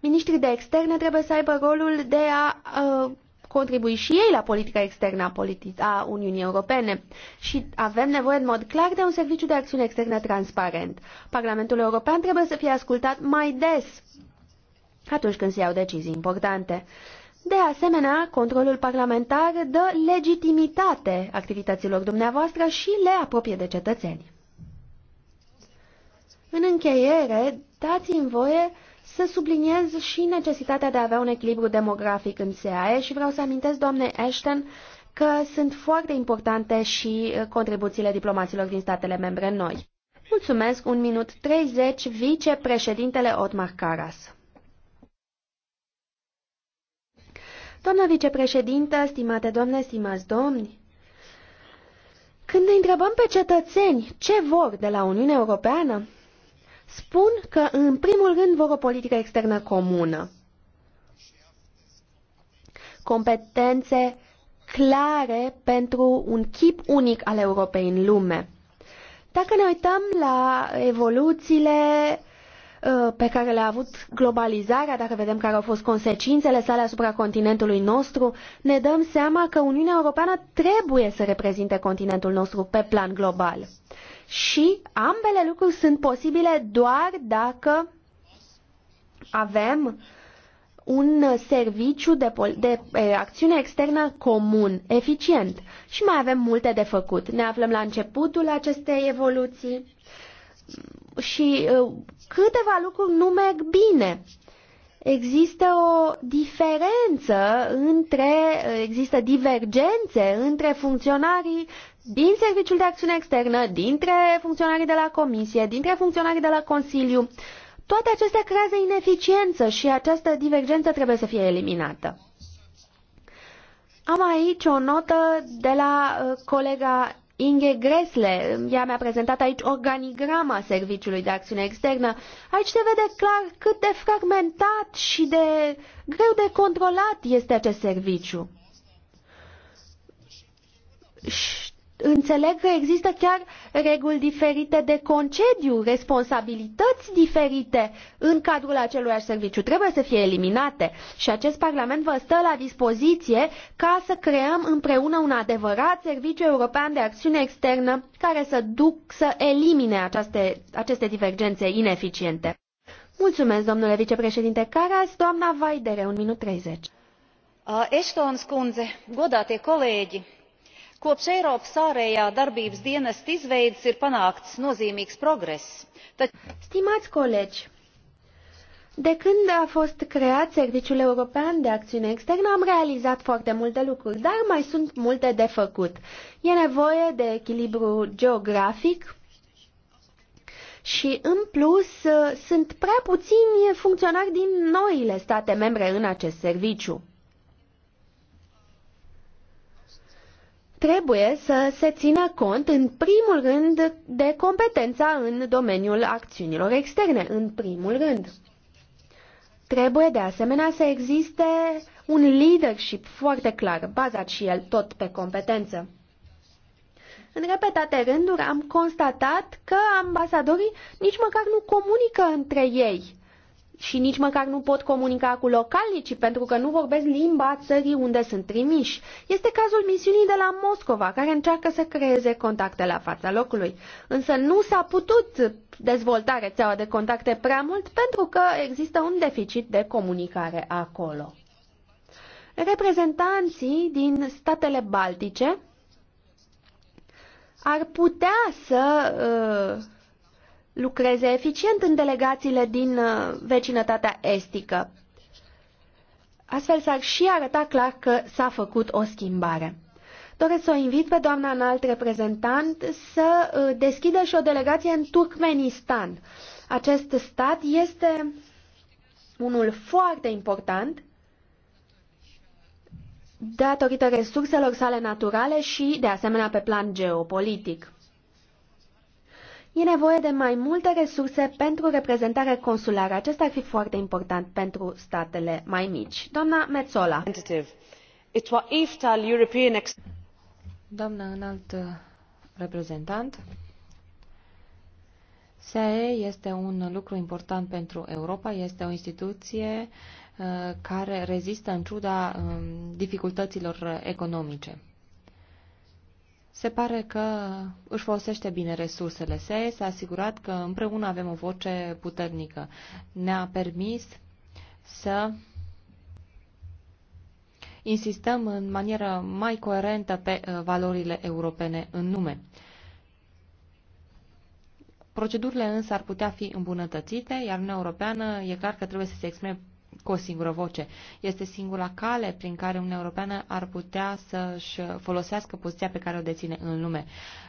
Ministrii de externe trebuie să aibă rolul de a uh, contribui și ei la politica externă a, politi- a Uniunii Europene și avem nevoie în mod clar de un serviciu de acțiune externă transparent. Parlamentul European trebuie să fie ascultat mai des atunci când se iau decizii importante. De asemenea, controlul parlamentar dă legitimitate activităților dumneavoastră și le apropie de cetățeni. În încheiere, dați-mi voie să subliniez și necesitatea de a avea un echilibru demografic în SEAE și vreau să amintesc, doamne Ashton, că sunt foarte importante și uh, contribuțiile diplomaților din statele membre noi. Mulțumesc, un minut 30, vicepreședintele Otmar Caras. Doamnă vicepreședintă, stimate doamne, stimați domni, când îi întrebăm pe cetățeni ce vor de la Uniunea Europeană, spun că, în primul rând, vor o politică externă comună. Competențe clare pentru un chip unic al Europei în lume. Dacă ne uităm la evoluțiile Uh, pe care le-a avut globalizarea, dacă vedem care au fost consecințele sale asupra continentului nostru, ne dăm seama că Uniunea Europeană trebuie să reprezinte continentul nostru pe plan global. Și ambele lucruri sunt posibile doar dacă avem un serviciu de, de e, acțiune externă comun, eficient. Și mai avem multe de făcut. Ne aflăm la începutul acestei evoluții și câteva lucruri nu merg bine. Există o diferență între, există divergențe între funcționarii din Serviciul de Acțiune Externă, dintre funcționarii de la Comisie, dintre funcționarii de la Consiliu. Toate acestea creează ineficiență și această divergență trebuie să fie eliminată. Am aici o notă de la colega Inge Gresle, ea mi-a prezentat aici organigrama Serviciului de Acțiune Externă. Aici se vede clar cât de fragmentat și de greu de controlat este acest serviciu. Înțeleg că există chiar reguli diferite de concediu, responsabilități diferite în cadrul aceluiași serviciu. Trebuie să fie eliminate și acest Parlament vă stă la dispoziție ca să creăm împreună un adevărat serviciu european de acțiune externă care să duc să elimine aceste, aceste divergențe ineficiente. Mulțumesc, domnule vicepreședinte Caras. Doamna Vaidere, un minut 30. Eštons kundze, godātie colegi kopš eiropas ārējā darbības dienesta izveides ir panākts nozīmīgs progress. Stimați colegi, de când a fost creat Serviciul European de Acțiune Externă, am realizat foarte multe lucruri, dar mai sunt multe de făcut. E nevoie de echilibru geografic și, în plus, sunt prea puțini funcționari din noile state membre în acest serviciu. trebuie să se țină cont, în primul rând, de competența în domeniul acțiunilor externe, în primul rând. Trebuie de asemenea să existe un leadership foarte clar, bazat și el tot pe competență. În repetate rânduri am constatat că ambasadorii nici măcar nu comunică între ei și nici măcar nu pot comunica cu localnicii pentru că nu vorbesc limba țării unde sunt trimiși. Este cazul misiunii de la Moscova, care încearcă să creeze contacte la fața locului. Însă nu s-a putut dezvolta rețeaua de contacte prea mult pentru că există un deficit de comunicare acolo. Reprezentanții din statele baltice ar putea să uh, lucreze eficient în delegațiile din uh, vecinătatea estică. Astfel s-ar și arăta clar că s-a făcut o schimbare. Doresc să o invit pe doamna înalt reprezentant să uh, deschidă și o delegație în Turkmenistan. Acest stat este unul foarte important datorită resurselor sale naturale și, de asemenea, pe plan geopolitic. E nevoie de mai multe resurse pentru reprezentare consulară. Acesta ar fi foarte important pentru statele mai mici. Doamna Metzola. Doamna înalt uh,
reprezentant, SAE este un lucru important pentru Europa, este o instituție uh, care rezistă în ciuda um, dificultăților uh, economice se pare că își folosește bine resursele. SEE s-a asigurat că împreună avem o voce puternică. Ne-a permis să insistăm în manieră mai coerentă pe uh, valorile europene în nume. Procedurile însă ar putea fi îmbunătățite, iar Uniunea Europeană e clar că trebuie să se exprime cu o singură voce. Este singura cale prin care Uniunea Europeană ar putea să-și folosească poziția pe care o deține în lume.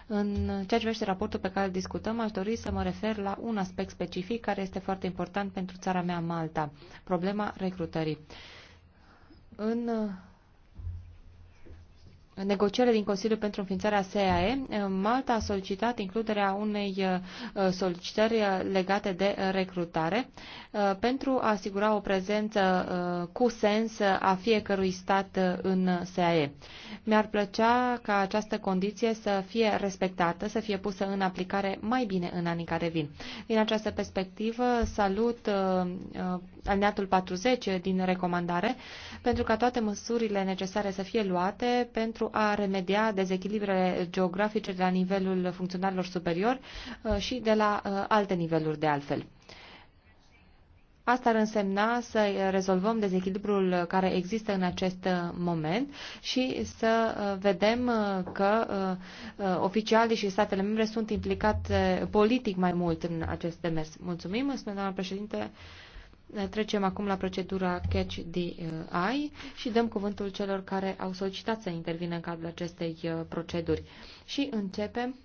În ceea ce vește raportul pe care îl discutăm, aș dori să mă refer la un aspect specific care este foarte important pentru țara mea, Malta, problema recrutării. În negocierile din Consiliu pentru înființarea SAE, Malta a solicitat includerea unei uh, solicitări legate de recrutare uh, pentru a asigura o prezență uh, cu sens a fiecărui stat în SAE. Mi-ar plăcea ca această condiție să fie respectată, să fie pusă în aplicare mai bine în anii care vin. Din această perspectivă, salut alineatul 40 din recomandare, pentru ca toate măsurile necesare să fie luate pentru a remedia dezechilibrele geografice de la nivelul funcționarilor superior uh, și de la uh, alte niveluri de altfel. Asta ar însemna să rezolvăm dezechilibrul care există în acest moment și să uh, vedem că oficialii și statele membre sunt implicate politic mai mult în acest demers. Mulțumim, spune doamna președinte. Trecem acum la procedura Catch the Eye și dăm cuvântul celor care au solicitat să intervină în cadrul acestei uh, proceduri. Și începem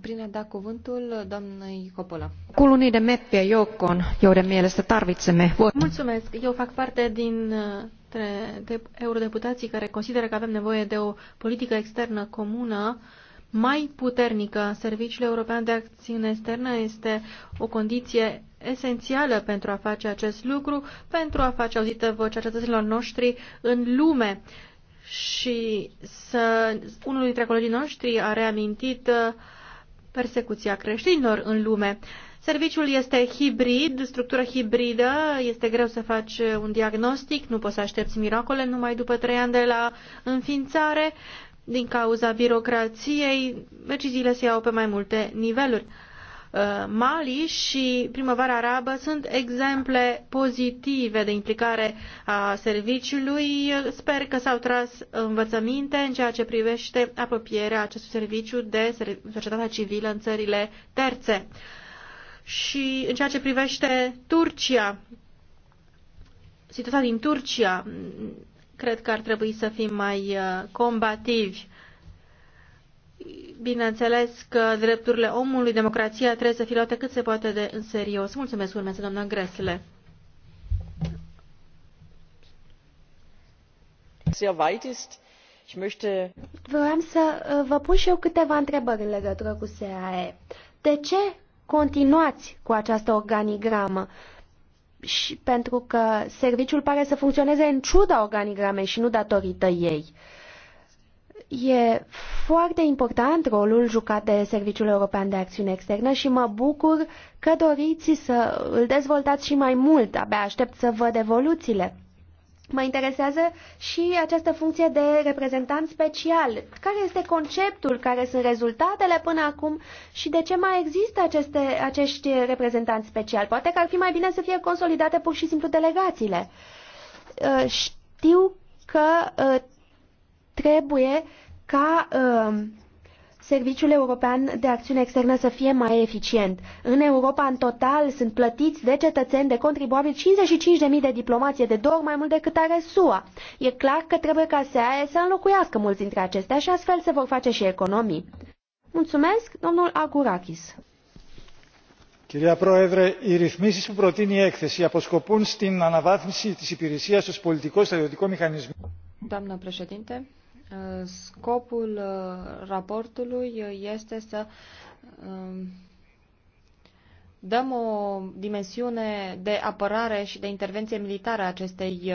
prin a da cuvântul doamnei Coppola. Kuulun
niiden meppien
joukkoon, joiden mielestä tarvitsemme...
Mulțumesc. Eu fac parte din uh, de, eurodeputații care consideră că avem nevoie de o politică externă comună uh, mai puternică. Serviciul European de Acțiune Externă este o condiție esențială pentru a face acest lucru, pentru a face auzită vocea cetățenilor noștri în lume. Și să, unul dintre colegii noștri a reamintit uh, persecuția creștinilor în lume. Serviciul este hibrid, structură hibridă, este greu să faci un diagnostic, nu poți să aștepți miracole numai după trei ani de la înființare din cauza birocrației, deciziile se iau pe mai multe niveluri. Uh, Mali și primăvara arabă sunt exemple pozitive de implicare a serviciului. Sper că s-au tras învățăminte în ceea ce privește apropierea acestui serviciu de societatea civilă în țările terțe. Și în ceea ce privește Turcia, situația din Turcia Cred că ar trebui să fim mai uh, combativi. Bineînțeles că drepturile omului, democrația trebuie să fie luate cât se poate de în serios. Mulțumesc, urmează doamna Gresle.
Vreau să uh, vă pun și eu câteva întrebări în legătură cu SAE. De ce continuați cu această organigramă? și pentru că serviciul pare să funcționeze în ciuda organigramei și nu datorită ei. E foarte important rolul jucat de Serviciul European de Acțiune Externă și mă bucur că doriți să îl dezvoltați și mai mult. Abia aștept să văd evoluțiile. Mă interesează și această funcție de reprezentant special. Care este conceptul, care sunt rezultatele până acum și de ce mai există aceste, acești reprezentanți speciali? Poate că ar fi mai bine să fie consolidate pur și simplu delegațiile. Uh, știu că uh, trebuie ca uh, Serviciul European de Acțiune Externă să fie mai eficient. În Europa, în total, sunt plătiți de cetățeni, de contribuabili 55.000 de diplomație, de două ori mai mult decât are SUA. E clar că trebuie ca SAE să înlocuiască mulți dintre acestea și astfel se vor face și economii. Mulțumesc, domnul Agurakis.
Κυρία Πρόεδρε, οι ρυθμίσει που προτείνει η έκθεση αποσκοπούν στην αναβάθμιση τη υπηρεσία ω πολιτικό στρατιωτικό μηχανισμό.
Doamnă președinte, Uh, scopul uh, raportului uh, este să um, dăm o dimensiune de apărare și de intervenție militară acestei,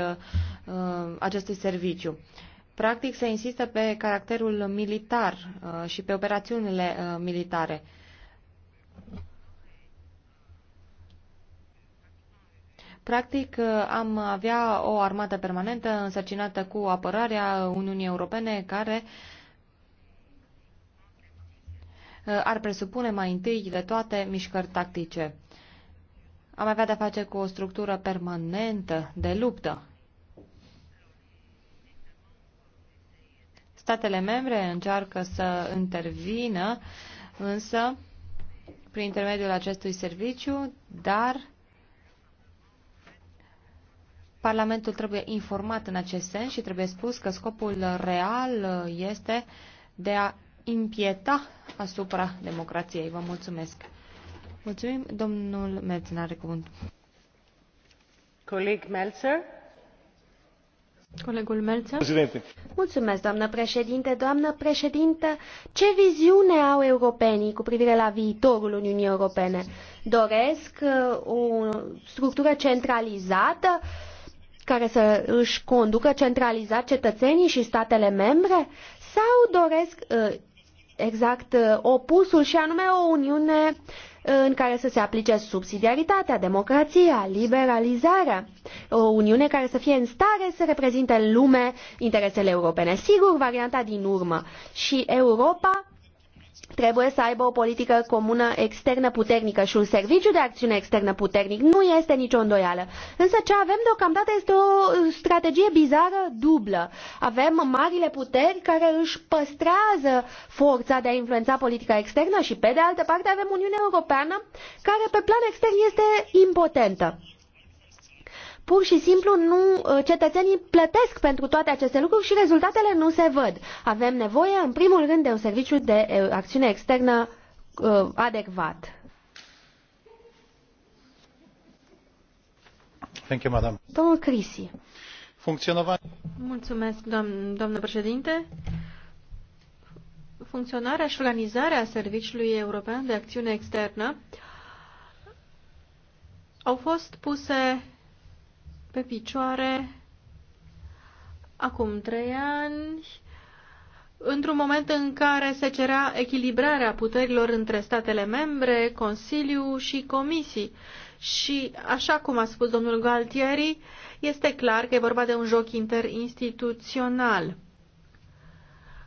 acestui serviciu. Practic se insistă pe caracterul militar și pe operațiunile militare. Practic, am avea o armată permanentă însărcinată cu apărarea Uniunii Europene care uh, ar presupune mai întâi de toate mișcări tactice. Am avea de-a face cu o structură permanentă de luptă. Statele membre încearcă să intervină, însă, prin intermediul acestui serviciu, dar Parlamentul trebuie informat în acest sens și trebuie spus că scopul real uh, este de a impieta asupra democrației. Vă mulțumesc. Mulțumim. Domnul Melțen
are cuvânt. Coleg Melzer. Colegul Melțer. Președinte. Mulțumesc, doamnă președinte. Doamnă președinte, ce viziune au europenii cu privire la viitorul Uniunii Europene? Doresc uh, o structură centralizată? care să își conducă centralizat cetățenii și statele membre? Sau doresc uh, exact uh, opusul și anume o uniune uh, în care să se aplice subsidiaritatea, democrația, liberalizarea, o uniune care să fie în stare să reprezinte în lume interesele europene. Sigur, varianta din urmă. Și Europa trebuie să aibă o politică comună externă puternică și un serviciu de acțiune externă puternic. Nu este nicio îndoială. Însă ce avem deocamdată este o uh, strategie bizară dublă. Avem marile puteri care își păstrează forța de a influența politica externă și pe de altă parte avem Uniunea Europeană care pe plan extern este impotentă pur și simplu nu, ă, cetățenii plătesc pentru toate aceste lucruri și rezultatele nu se văd. Avem nevoie, în primul rând, de un serviciu de acțiune externă ă, adecvat. Thank you, madam. Domnul Crisi.
Funcționava...
Mulțumesc, domn, domnule președinte. Funcționarea și organizarea Serviciului European de Acțiune Externă au fost puse pe picioare acum trei ani, într-un moment în care se cerea echilibrarea puterilor între statele membre, Consiliu și Comisii. Și, așa cum a spus domnul Galtieri, este clar că e vorba de un joc interinstituțional.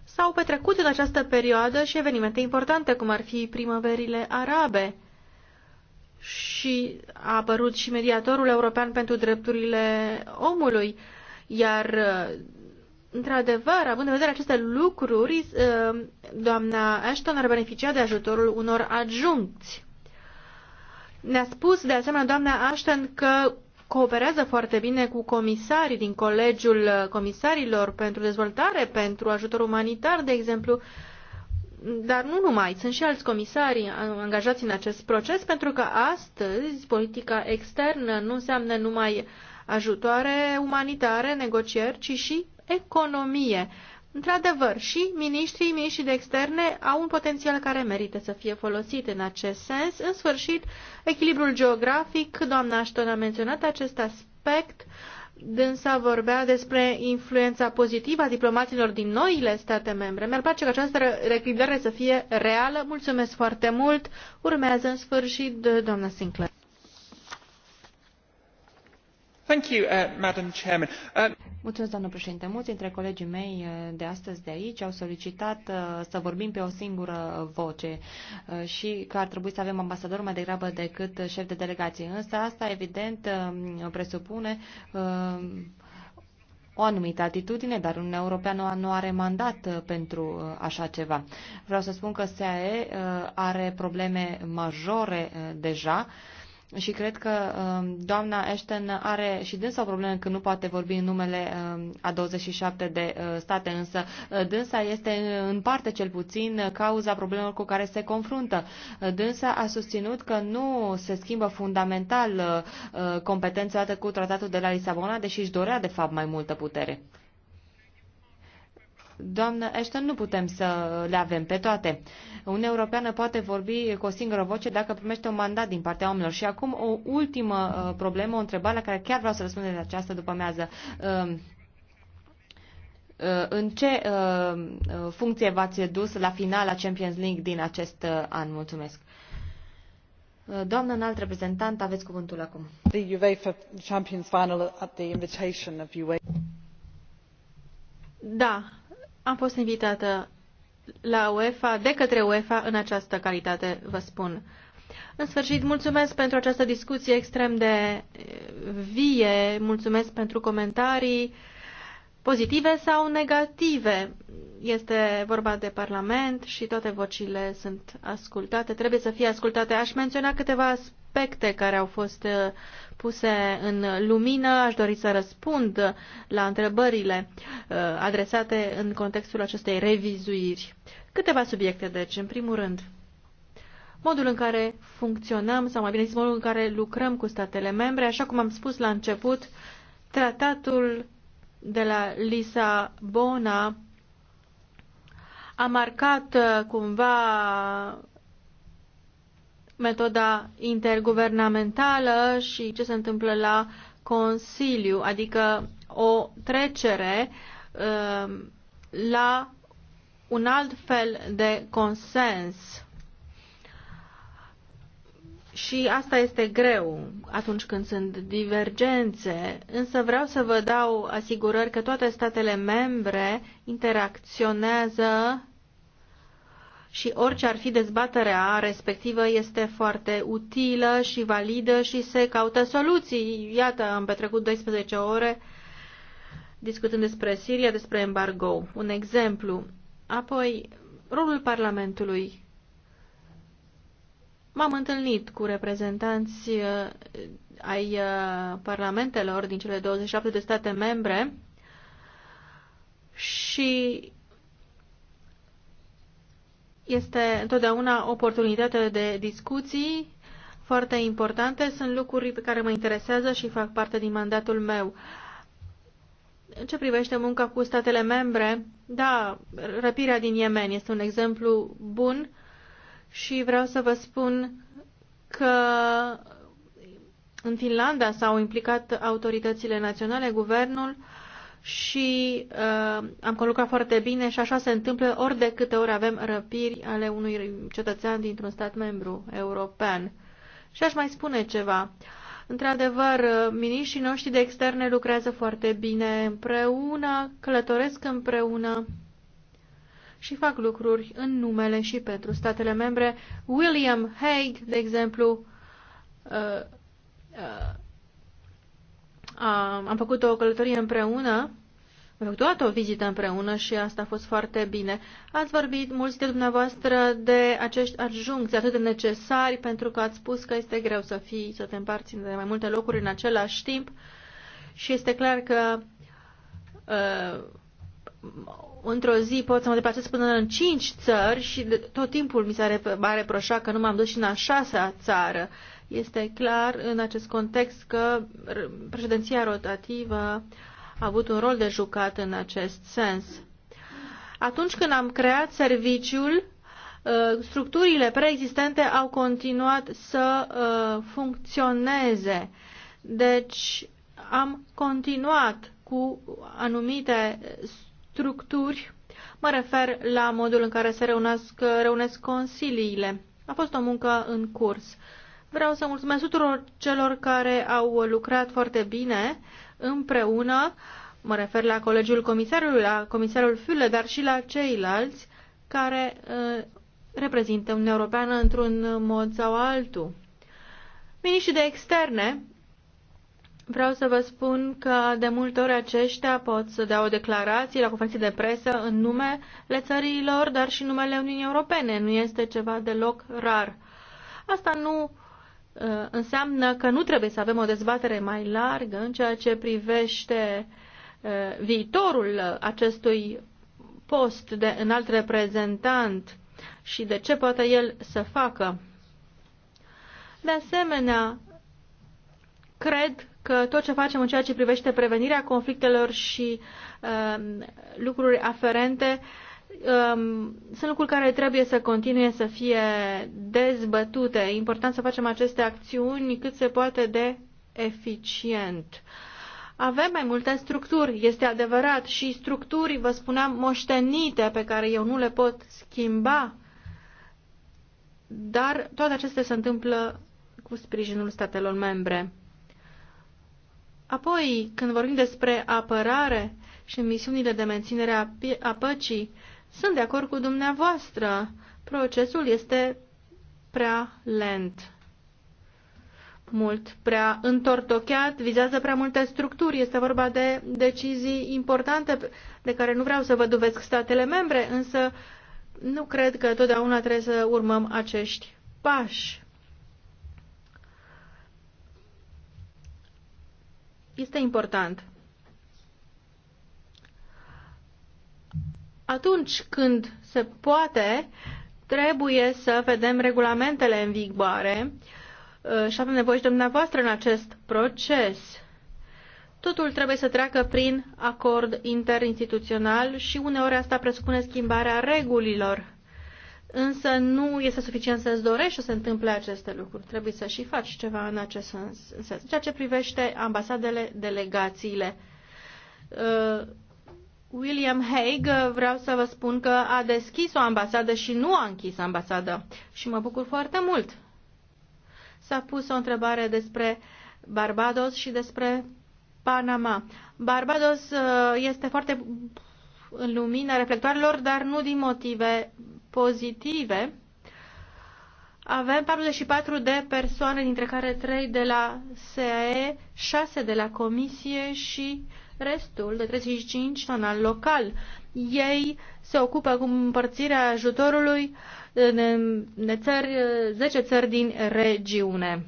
S-au petrecut în această perioadă și evenimente importante, cum ar fi primăverile arabe, și a apărut și mediatorul european pentru drepturile omului. Iar, într-adevăr, având în vedere aceste lucruri, uh, doamna Ashton ar beneficia de ajutorul unor adjuncți. Ne-a spus, de asemenea, doamna Ashton că cooperează foarte bine cu comisarii din Colegiul Comisarilor pentru Dezvoltare, pentru ajutor umanitar, de exemplu, uh, dar nu numai, sunt și alți comisari angajați în acest proces, pentru că astăzi politica externă nu înseamnă numai ajutoare umanitare, negocieri, ci și economie. Într-adevăr, și miniștrii, miniștrii de externe au un potențial care merită să fie folosit în acest sens. În sfârșit, echilibrul geografic, doamna Ashton a menționat acest aspect, uh, Dânsa vorbea despre influența pozitivă a diplomaților din noile state membre. Mi-ar place ca această reclidare să fie reală. Mulțumesc foarte mult. Urmează în sfârșit doamna Sinclair. Uh, uh, doamnă
președinte mulți dintre colegii mei uh, de astăzi de aici au solicitat să vorbim pe o singură voce și că ar trebui să avem ambasador mai degrabă decât șef de delegație. Însă asta, evident, um, presupune um, o anumită atitudine, dar Uniunea Europeană nu are mandat pentru așa ceva. Vreau să spun că SAE are probleme majore deja și cred că um, doamna Ashton are și dânsa o problemă că nu poate vorbi în numele um, a 27 de uh, state, însă uh, dânsa este uh, în parte cel puțin cauza problemelor cu care se confruntă. Dânsa a susținut că nu se schimbă fundamental competența dată cu tratatul de la Lisabona, deși își dorea de fapt mai multă putere. Doamnă Ashton, nu putem să le avem pe toate. Uniunea Europeană poate vorbi cu o singură voce dacă primește un mandat din partea oamenilor. Și acum o ultimă uh, problemă, o întrebare la care chiar vreau să răspundeți această după mează um, uh, în ce uh, funcție v-ați dus la finala Champions League din acest an? Mulțumesc. Doamnă înalt reprezentant, aveți
cuvântul acum. The UEFA Champions Final at the invitation of UEFA. Da, am fost invitată la UEFA, de către UEFA, în această calitate, vă spun. În sfârșit, mulțumesc pentru această discuție extrem de eh, vie, mulțumesc pentru comentarii pozitive sau negative. Este vorba de Parlament și toate vocile sunt ascultate, trebuie să fie ascultate. Aș menționa câteva aspecte care au fost uh, puse în lumină. Aș dori să răspund la întrebările uh, adresate în contextul acestei revizuiri. Câteva subiecte, deci, în primul rând. Modul în care funcționăm, sau mai bine zis, modul în care lucrăm cu statele membre, așa cum am spus la început, tratatul de la Lisabona a marcat uh, cumva metoda interguvernamentală și ce se întâmplă la Consiliu, adică o trecere uh, la un alt fel de consens. Și asta este greu atunci când sunt divergențe, însă vreau să vă dau asigurări că toate statele membre interacționează și orice ar fi dezbaterea respectivă este foarte utilă și validă și se caută soluții. Iată, am petrecut 12 ore discutând despre Siria, despre embargo, un exemplu. Apoi, rolul Parlamentului M-am întâlnit cu reprezentanți uh, ai uh, parlamentelor din cele 27 de state membre și este întotdeauna oportunitate de discuții foarte importante. Sunt lucruri pe care mă interesează și fac parte din mandatul meu. În ce privește munca cu statele membre, da, răpirea din Yemen este un exemplu bun și vreau să vă spun că în Finlanda s-au implicat autoritățile naționale, guvernul și uh, am conlucrat foarte bine și așa se întâmplă ori de câte ori avem răpiri ale unui cetățean dintr-un stat membru european. Și aș mai spune ceva. Într-adevăr, miniștrii noștri de externe lucrează foarte bine împreună, călătoresc împreună și fac lucruri în numele și pentru statele membre. William Hague, de exemplu, a, uh, uh, a, am făcut o călătorie împreună, am făcut o vizită împreună și asta a fost foarte bine. Ați vorbit mulți de dumneavoastră de acești adjuncți atât de necesari pentru că ați spus că este greu să fii, să te împarți de mai multe locuri în același timp și este clar că uh, într-o zi pot să mă deplasez până în cinci țări și tot timpul mi s-a reproșat că nu m-am dus și în a șasea țară. Este clar în acest context că președinția rotativă a avut un rol de jucat în acest sens. Atunci când am creat serviciul, uh, structurile preexistente au continuat să uh, funcționeze. Deci am continuat cu anumite structuri. Mă refer la modul în care se reunesc, reunesc consiliile. A fost o muncă în curs. Vreau să mulțumesc tuturor celor care au lucrat foarte bine împreună. Mă refer la colegiul comisarului, la comisarul Füle, dar și la ceilalți care uh, reprezintă Uniunea Europeană într-un mod sau altul. Miniștrii de externe Vreau să vă spun că de multe ori aceștia pot să dea o declarație la conferințe de presă în numele țărilor, dar și numele Uniunii Europene. Nu este ceva deloc rar. Asta nu uh, înseamnă că nu trebuie să avem o dezbatere mai largă în ceea ce privește uh, viitorul acestui post de înalt reprezentant și de ce poate el să facă. De asemenea, cred că tot ce facem în ceea ce privește prevenirea conflictelor și um, lucruri aferente um, sunt lucruri care trebuie să continue să fie dezbătute. E important să facem aceste acțiuni cât se poate de eficient. Avem mai multe structuri, este adevărat, și structuri, vă spuneam, moștenite pe care eu nu le pot schimba, dar toate acestea se întâmplă cu sprijinul statelor membre. Apoi, când vorbim despre apărare și misiunile de menținere a păcii, sunt de acord cu dumneavoastră. Procesul este prea lent. Mult prea întortocheat, vizează prea multe structuri. Este vorba de decizii importante de care nu vreau să vă duvesc statele membre, însă nu cred că totdeauna trebuie să urmăm acești pași. este important. Atunci când se poate, trebuie să vedem regulamentele în vigoare uh, și avem nevoie și dumneavoastră în acest proces. Totul trebuie să treacă prin acord interinstituțional și uneori asta presupune schimbarea regulilor însă nu este suficient să-ți dorești să se întâmple aceste lucruri. Trebuie să și faci ceva în acest sens. În sens. ceea ce privește ambasadele, delegațiile. Uh, William Hague, uh, vreau să vă spun că a deschis o ambasadă și nu a închis ambasadă. Și mă bucur foarte mult. S-a pus o întrebare despre Barbados și despre Panama. Barbados uh, este foarte în lumina reflectoarelor, dar nu din motive pozitive, avem 44 de persoane, dintre care 3 de la SAE, 6 de la Comisie și restul de 35 tonal local. Ei se ocupă cu împărțirea ajutorului în țări, 10 țări din regiune.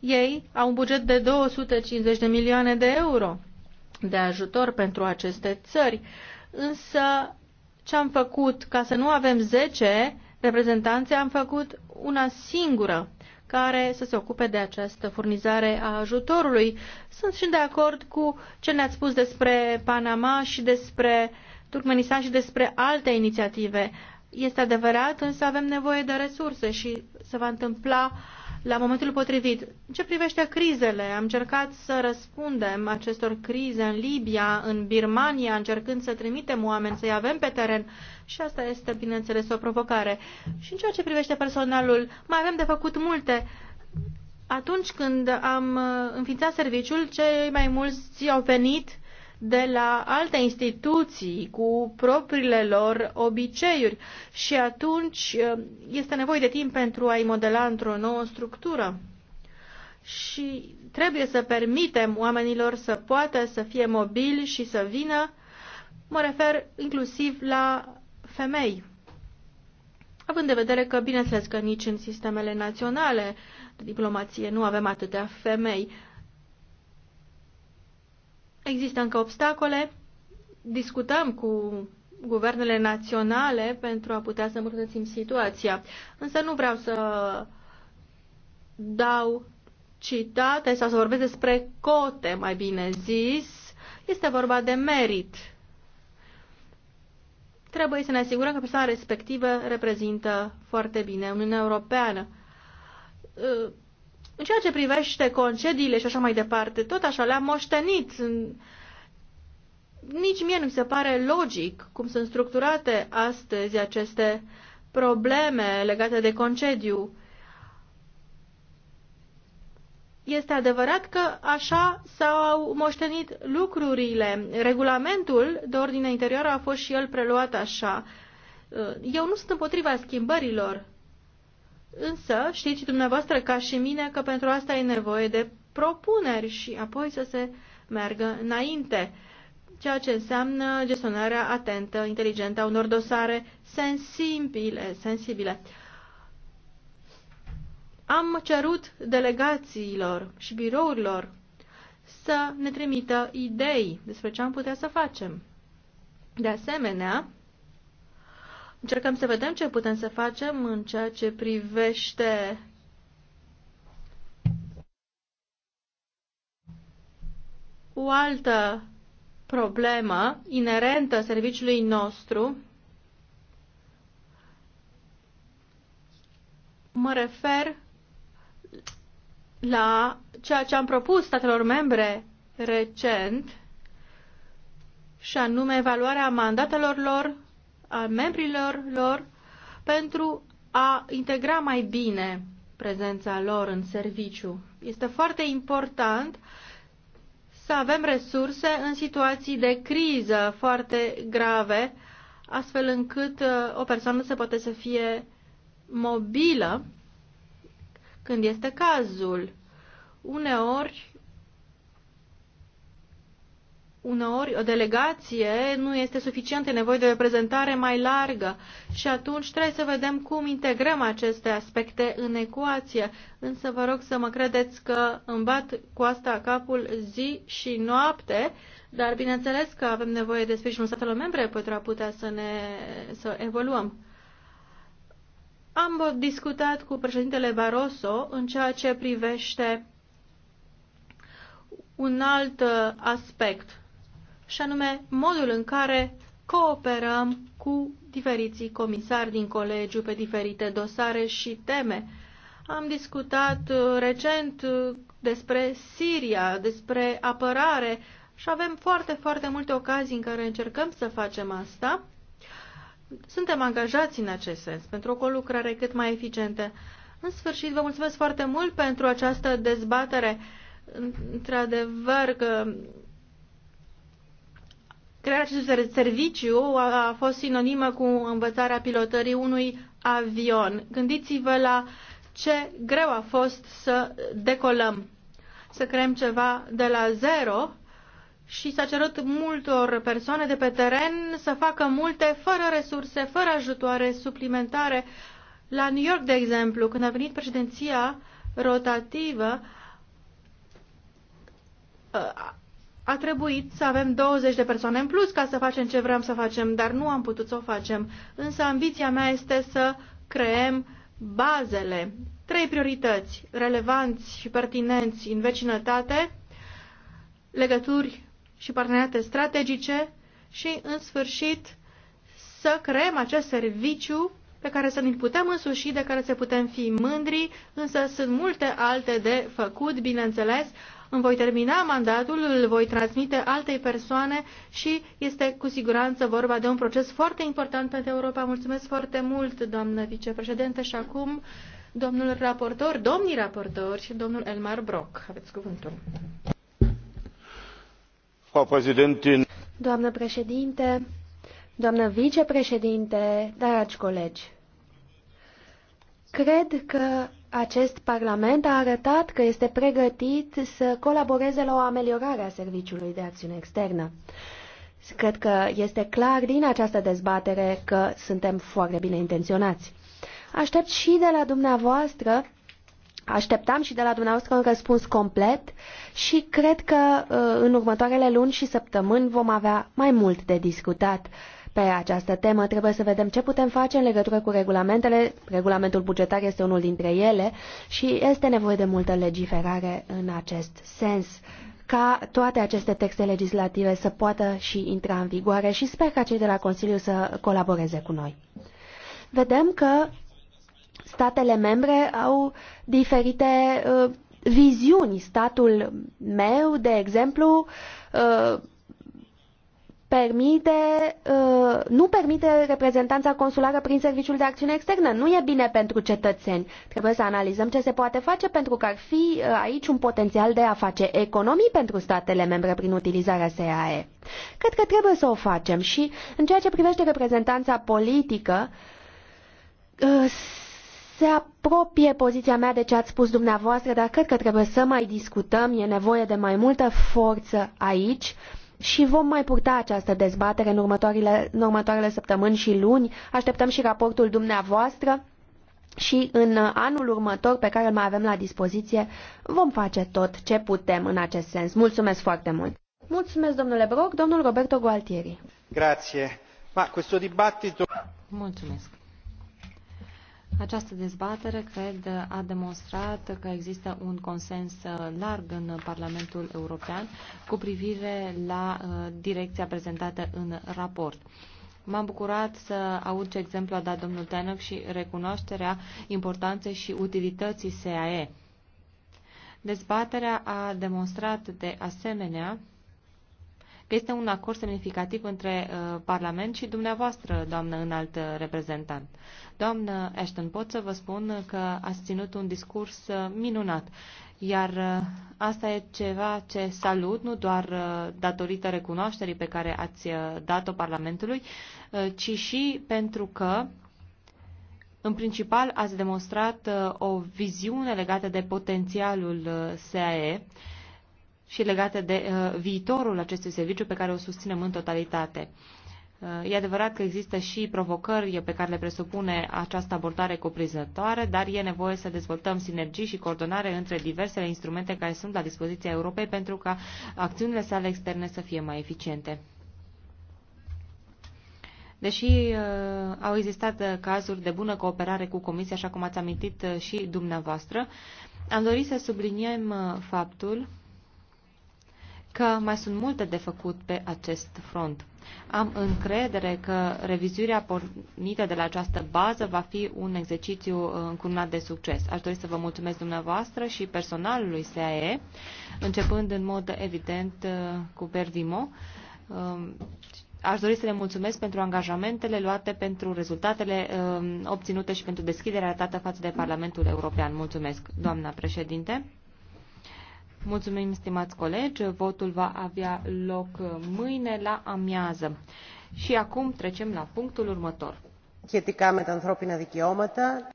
Ei au un buget de 250 de milioane de euro de ajutor pentru aceste țări, însă ce am făcut ca să nu avem 10 reprezentanțe, am făcut una singură care să se ocupe de această furnizare a ajutorului. Sunt și de acord cu ce ne-ați spus despre Panama și despre Turkmenistan și despre alte inițiative. Este adevărat, însă avem nevoie de resurse și se va întâmpla uh, la momentul potrivit. ce privește crizele, am încercat să răspundem acestor crize în Libia, în Birmania, încercând să trimitem oameni, să-i avem pe teren și asta este, bineînțeles, o provocare. Și în ceea ce privește personalul, mai avem de făcut multe. Atunci când am uh, înființat serviciul, cei mai mulți au venit de la alte instituții cu propriile lor obiceiuri și atunci uh, este nevoie de timp pentru a-i modela într-o nouă structură. Și trebuie să permitem oamenilor să poată să fie mobili și să vină, mă refer inclusiv la femei. Având de vedere că, bineînțeles că nici în sistemele naționale de diplomație nu avem atâtea femei, Există încă obstacole. Discutăm cu guvernele naționale pentru a putea să îmbunătățim situația. Însă nu vreau să dau citate sau să vorbesc despre cote, mai bine zis. Este vorba de merit. Trebuie să ne asigurăm că persoana respectivă reprezintă foarte bine Uniunea Europeană în ceea ce privește concediile și așa mai departe, tot așa le-am moștenit. Nici mie nu mi se pare logic cum sunt structurate astăzi aceste probleme legate de concediu. Este adevărat că așa s-au moștenit lucrurile. Regulamentul de ordine interioară a fost și el preluat așa. Eu nu sunt împotriva schimbărilor Însă știți dumneavoastră ca și mine că pentru asta e nevoie de propuneri și apoi să se meargă înainte, ceea ce înseamnă gestionarea atentă, inteligentă a unor dosare sensibile. sensibile. Am cerut delegațiilor și birourilor să ne trimită idei despre ce am putea să facem. De asemenea, Încercăm să vedem ce putem să facem în ceea ce privește o altă problemă inerentă serviciului nostru. Mă refer la ceea ce am propus statelor membre recent, și anume evaluarea mandatelor lor a membrilor lor pentru a integra mai bine prezența lor în serviciu. Este foarte important să avem resurse în situații de criză foarte grave, astfel încât uh, o persoană să poate să fie mobilă când este cazul. Uneori uneori o delegație nu este suficientă, e nevoie de o reprezentare mai largă și atunci trebuie să vedem cum integrăm aceste aspecte în ecuație. Însă vă rog să mă credeți că îmi bat cu asta capul zi și noapte, dar bineînțeles că avem nevoie de sprijinul statelor membre pentru a putea să ne să evoluăm. Am discutat cu președintele Barroso în ceea ce privește un alt uh, aspect și anume modul în care cooperăm cu diferiții comisari din colegiu pe diferite dosare și teme. Am discutat uh, recent uh, despre Siria, despre apărare și avem foarte, foarte multe ocazii în care încercăm să facem asta. Suntem angajați în acest sens pentru o lucrare cât mai eficientă. În sfârșit, vă mulțumesc foarte mult pentru această dezbatere. Într-adevăr că Crearea acestui serviciu a fost sinonimă cu învățarea pilotării unui avion. Gândiți-vă la ce greu a fost să decolăm, să creăm ceva de la zero și s-a cerut multor persoane de pe teren să facă multe fără resurse, fără ajutoare suplimentare. La New York, de exemplu, când a venit președinția rotativă, ă, a trebuit să avem 20 de persoane în plus ca să facem ce vrem să facem, dar nu am putut să o facem. Însă ambiția mea este să creăm bazele, trei priorități relevanți și pertinenți în vecinătate, legături și parteneriate strategice și, în sfârșit, să creăm acest serviciu pe care să ne putem însuși, de care să putem fi mândri, însă sunt multe alte de făcut, bineînțeles, îmi voi termina mandatul, îl voi transmite altei persoane și este cu siguranță vorba de un proces foarte important pentru Europa. Mulțumesc foarte mult, doamnă vicepreședinte, și acum domnul raportor, domnii raportori și
domnul Elmar Brock. Aveți cuvântul. Doamnă președinte, doamnă vicepreședinte, dragi colegi, cred că acest Parlament a arătat că este pregătit să colaboreze la o ameliorare a Serviciului de Acțiune Externă. Cred că este clar din această dezbatere că suntem foarte bine intenționați. Aștept și de la dumneavoastră Așteptam și de la dumneavoastră un răspuns complet și cred că uh, în următoarele luni și săptămâni vom avea mai mult de discutat pe această temă. Trebuie să vedem ce putem face în legătură cu regulamentele. Regulamentul bugetar este unul dintre ele și este nevoie de multă legiferare în acest sens ca toate aceste texte legislative să poată și intra în vigoare și sper ca cei de la Consiliu să colaboreze cu noi. Vedem că statele membre au diferite uh, viziuni. Statul meu, de exemplu, uh, permite, uh, nu permite reprezentanța consulară prin Serviciul de Acțiune Externă. Nu e bine pentru cetățeni. Trebuie să analizăm ce se poate face pentru că ar fi uh, aici un potențial de a face economii pentru statele membre prin utilizarea SAE. Cred că trebuie să o facem și în ceea ce privește reprezentanța politică, uh, se apropie poziția mea de ce ați spus dumneavoastră, dar cred că trebuie să mai discutăm, e nevoie de mai multă forță aici. Uh, și vom mai purta această dezbatere în următoarele, în următoarele săptămâni și luni. Așteptăm și raportul dumneavoastră și în anul următor pe care îl mai avem la dispoziție vom face tot ce putem în acest sens. Mulțumesc foarte mult! Mulțumesc, domnule Broc, domnul Roberto Gualtieri.
Grazie. Ma questo dibattito... Mulțumesc.
Această dezbatere, cred, a demonstrat că există un consens uh, larg în Parlamentul European cu privire la uh, direcția prezentată în raport. M-am bucurat să aud ce exemplu a dat domnul Tenoc și recunoașterea importanței și utilității SAE. Dezbaterea a demonstrat de asemenea că este un acord semnificativ între uh, Parlament și dumneavoastră, doamnă înaltă uh, reprezentant. Doamnă Ashton, pot să vă spun că ați ținut un discurs uh, minunat, iar uh, asta e ceva ce salut, nu doar uh, datorită recunoașterii pe care ați uh, dat-o Parlamentului, uh, ci și pentru că în principal, ați demonstrat uh, o viziune legată de potențialul uh, SAE și legate de uh, viitorul acestui serviciu pe care o susținem în totalitate. Uh, e adevărat că există și provocări pe care le presupune această abordare cuprinzătoare, dar e nevoie să dezvoltăm sinergii și coordonare între diversele instrumente care sunt la dispoziția Europei pentru ca acțiunile sale externe să fie mai eficiente. Deși uh, au existat uh, cazuri de bună cooperare cu Comisia, așa cum ați amintit uh, și dumneavoastră, am dorit să subliniem uh, faptul că mai sunt multe de făcut pe acest front. Am încredere că revizuirea pornită de la această bază va fi un exercițiu încurnat de succes. Aș dori să vă mulțumesc dumneavoastră și personalului SAE, începând în mod evident uh, cu Berdimo. Um, aș dori să le mulțumesc pentru angajamentele luate, pentru rezultatele um, obținute și pentru deschiderea dată față de Parlamentul European. Mulțumesc, doamna președinte. Mulțumim, stimați colegi. Votul va avea loc uh, mâine la amiază. Și acum trecem la punctul următor. Chetica antropina dikiomata.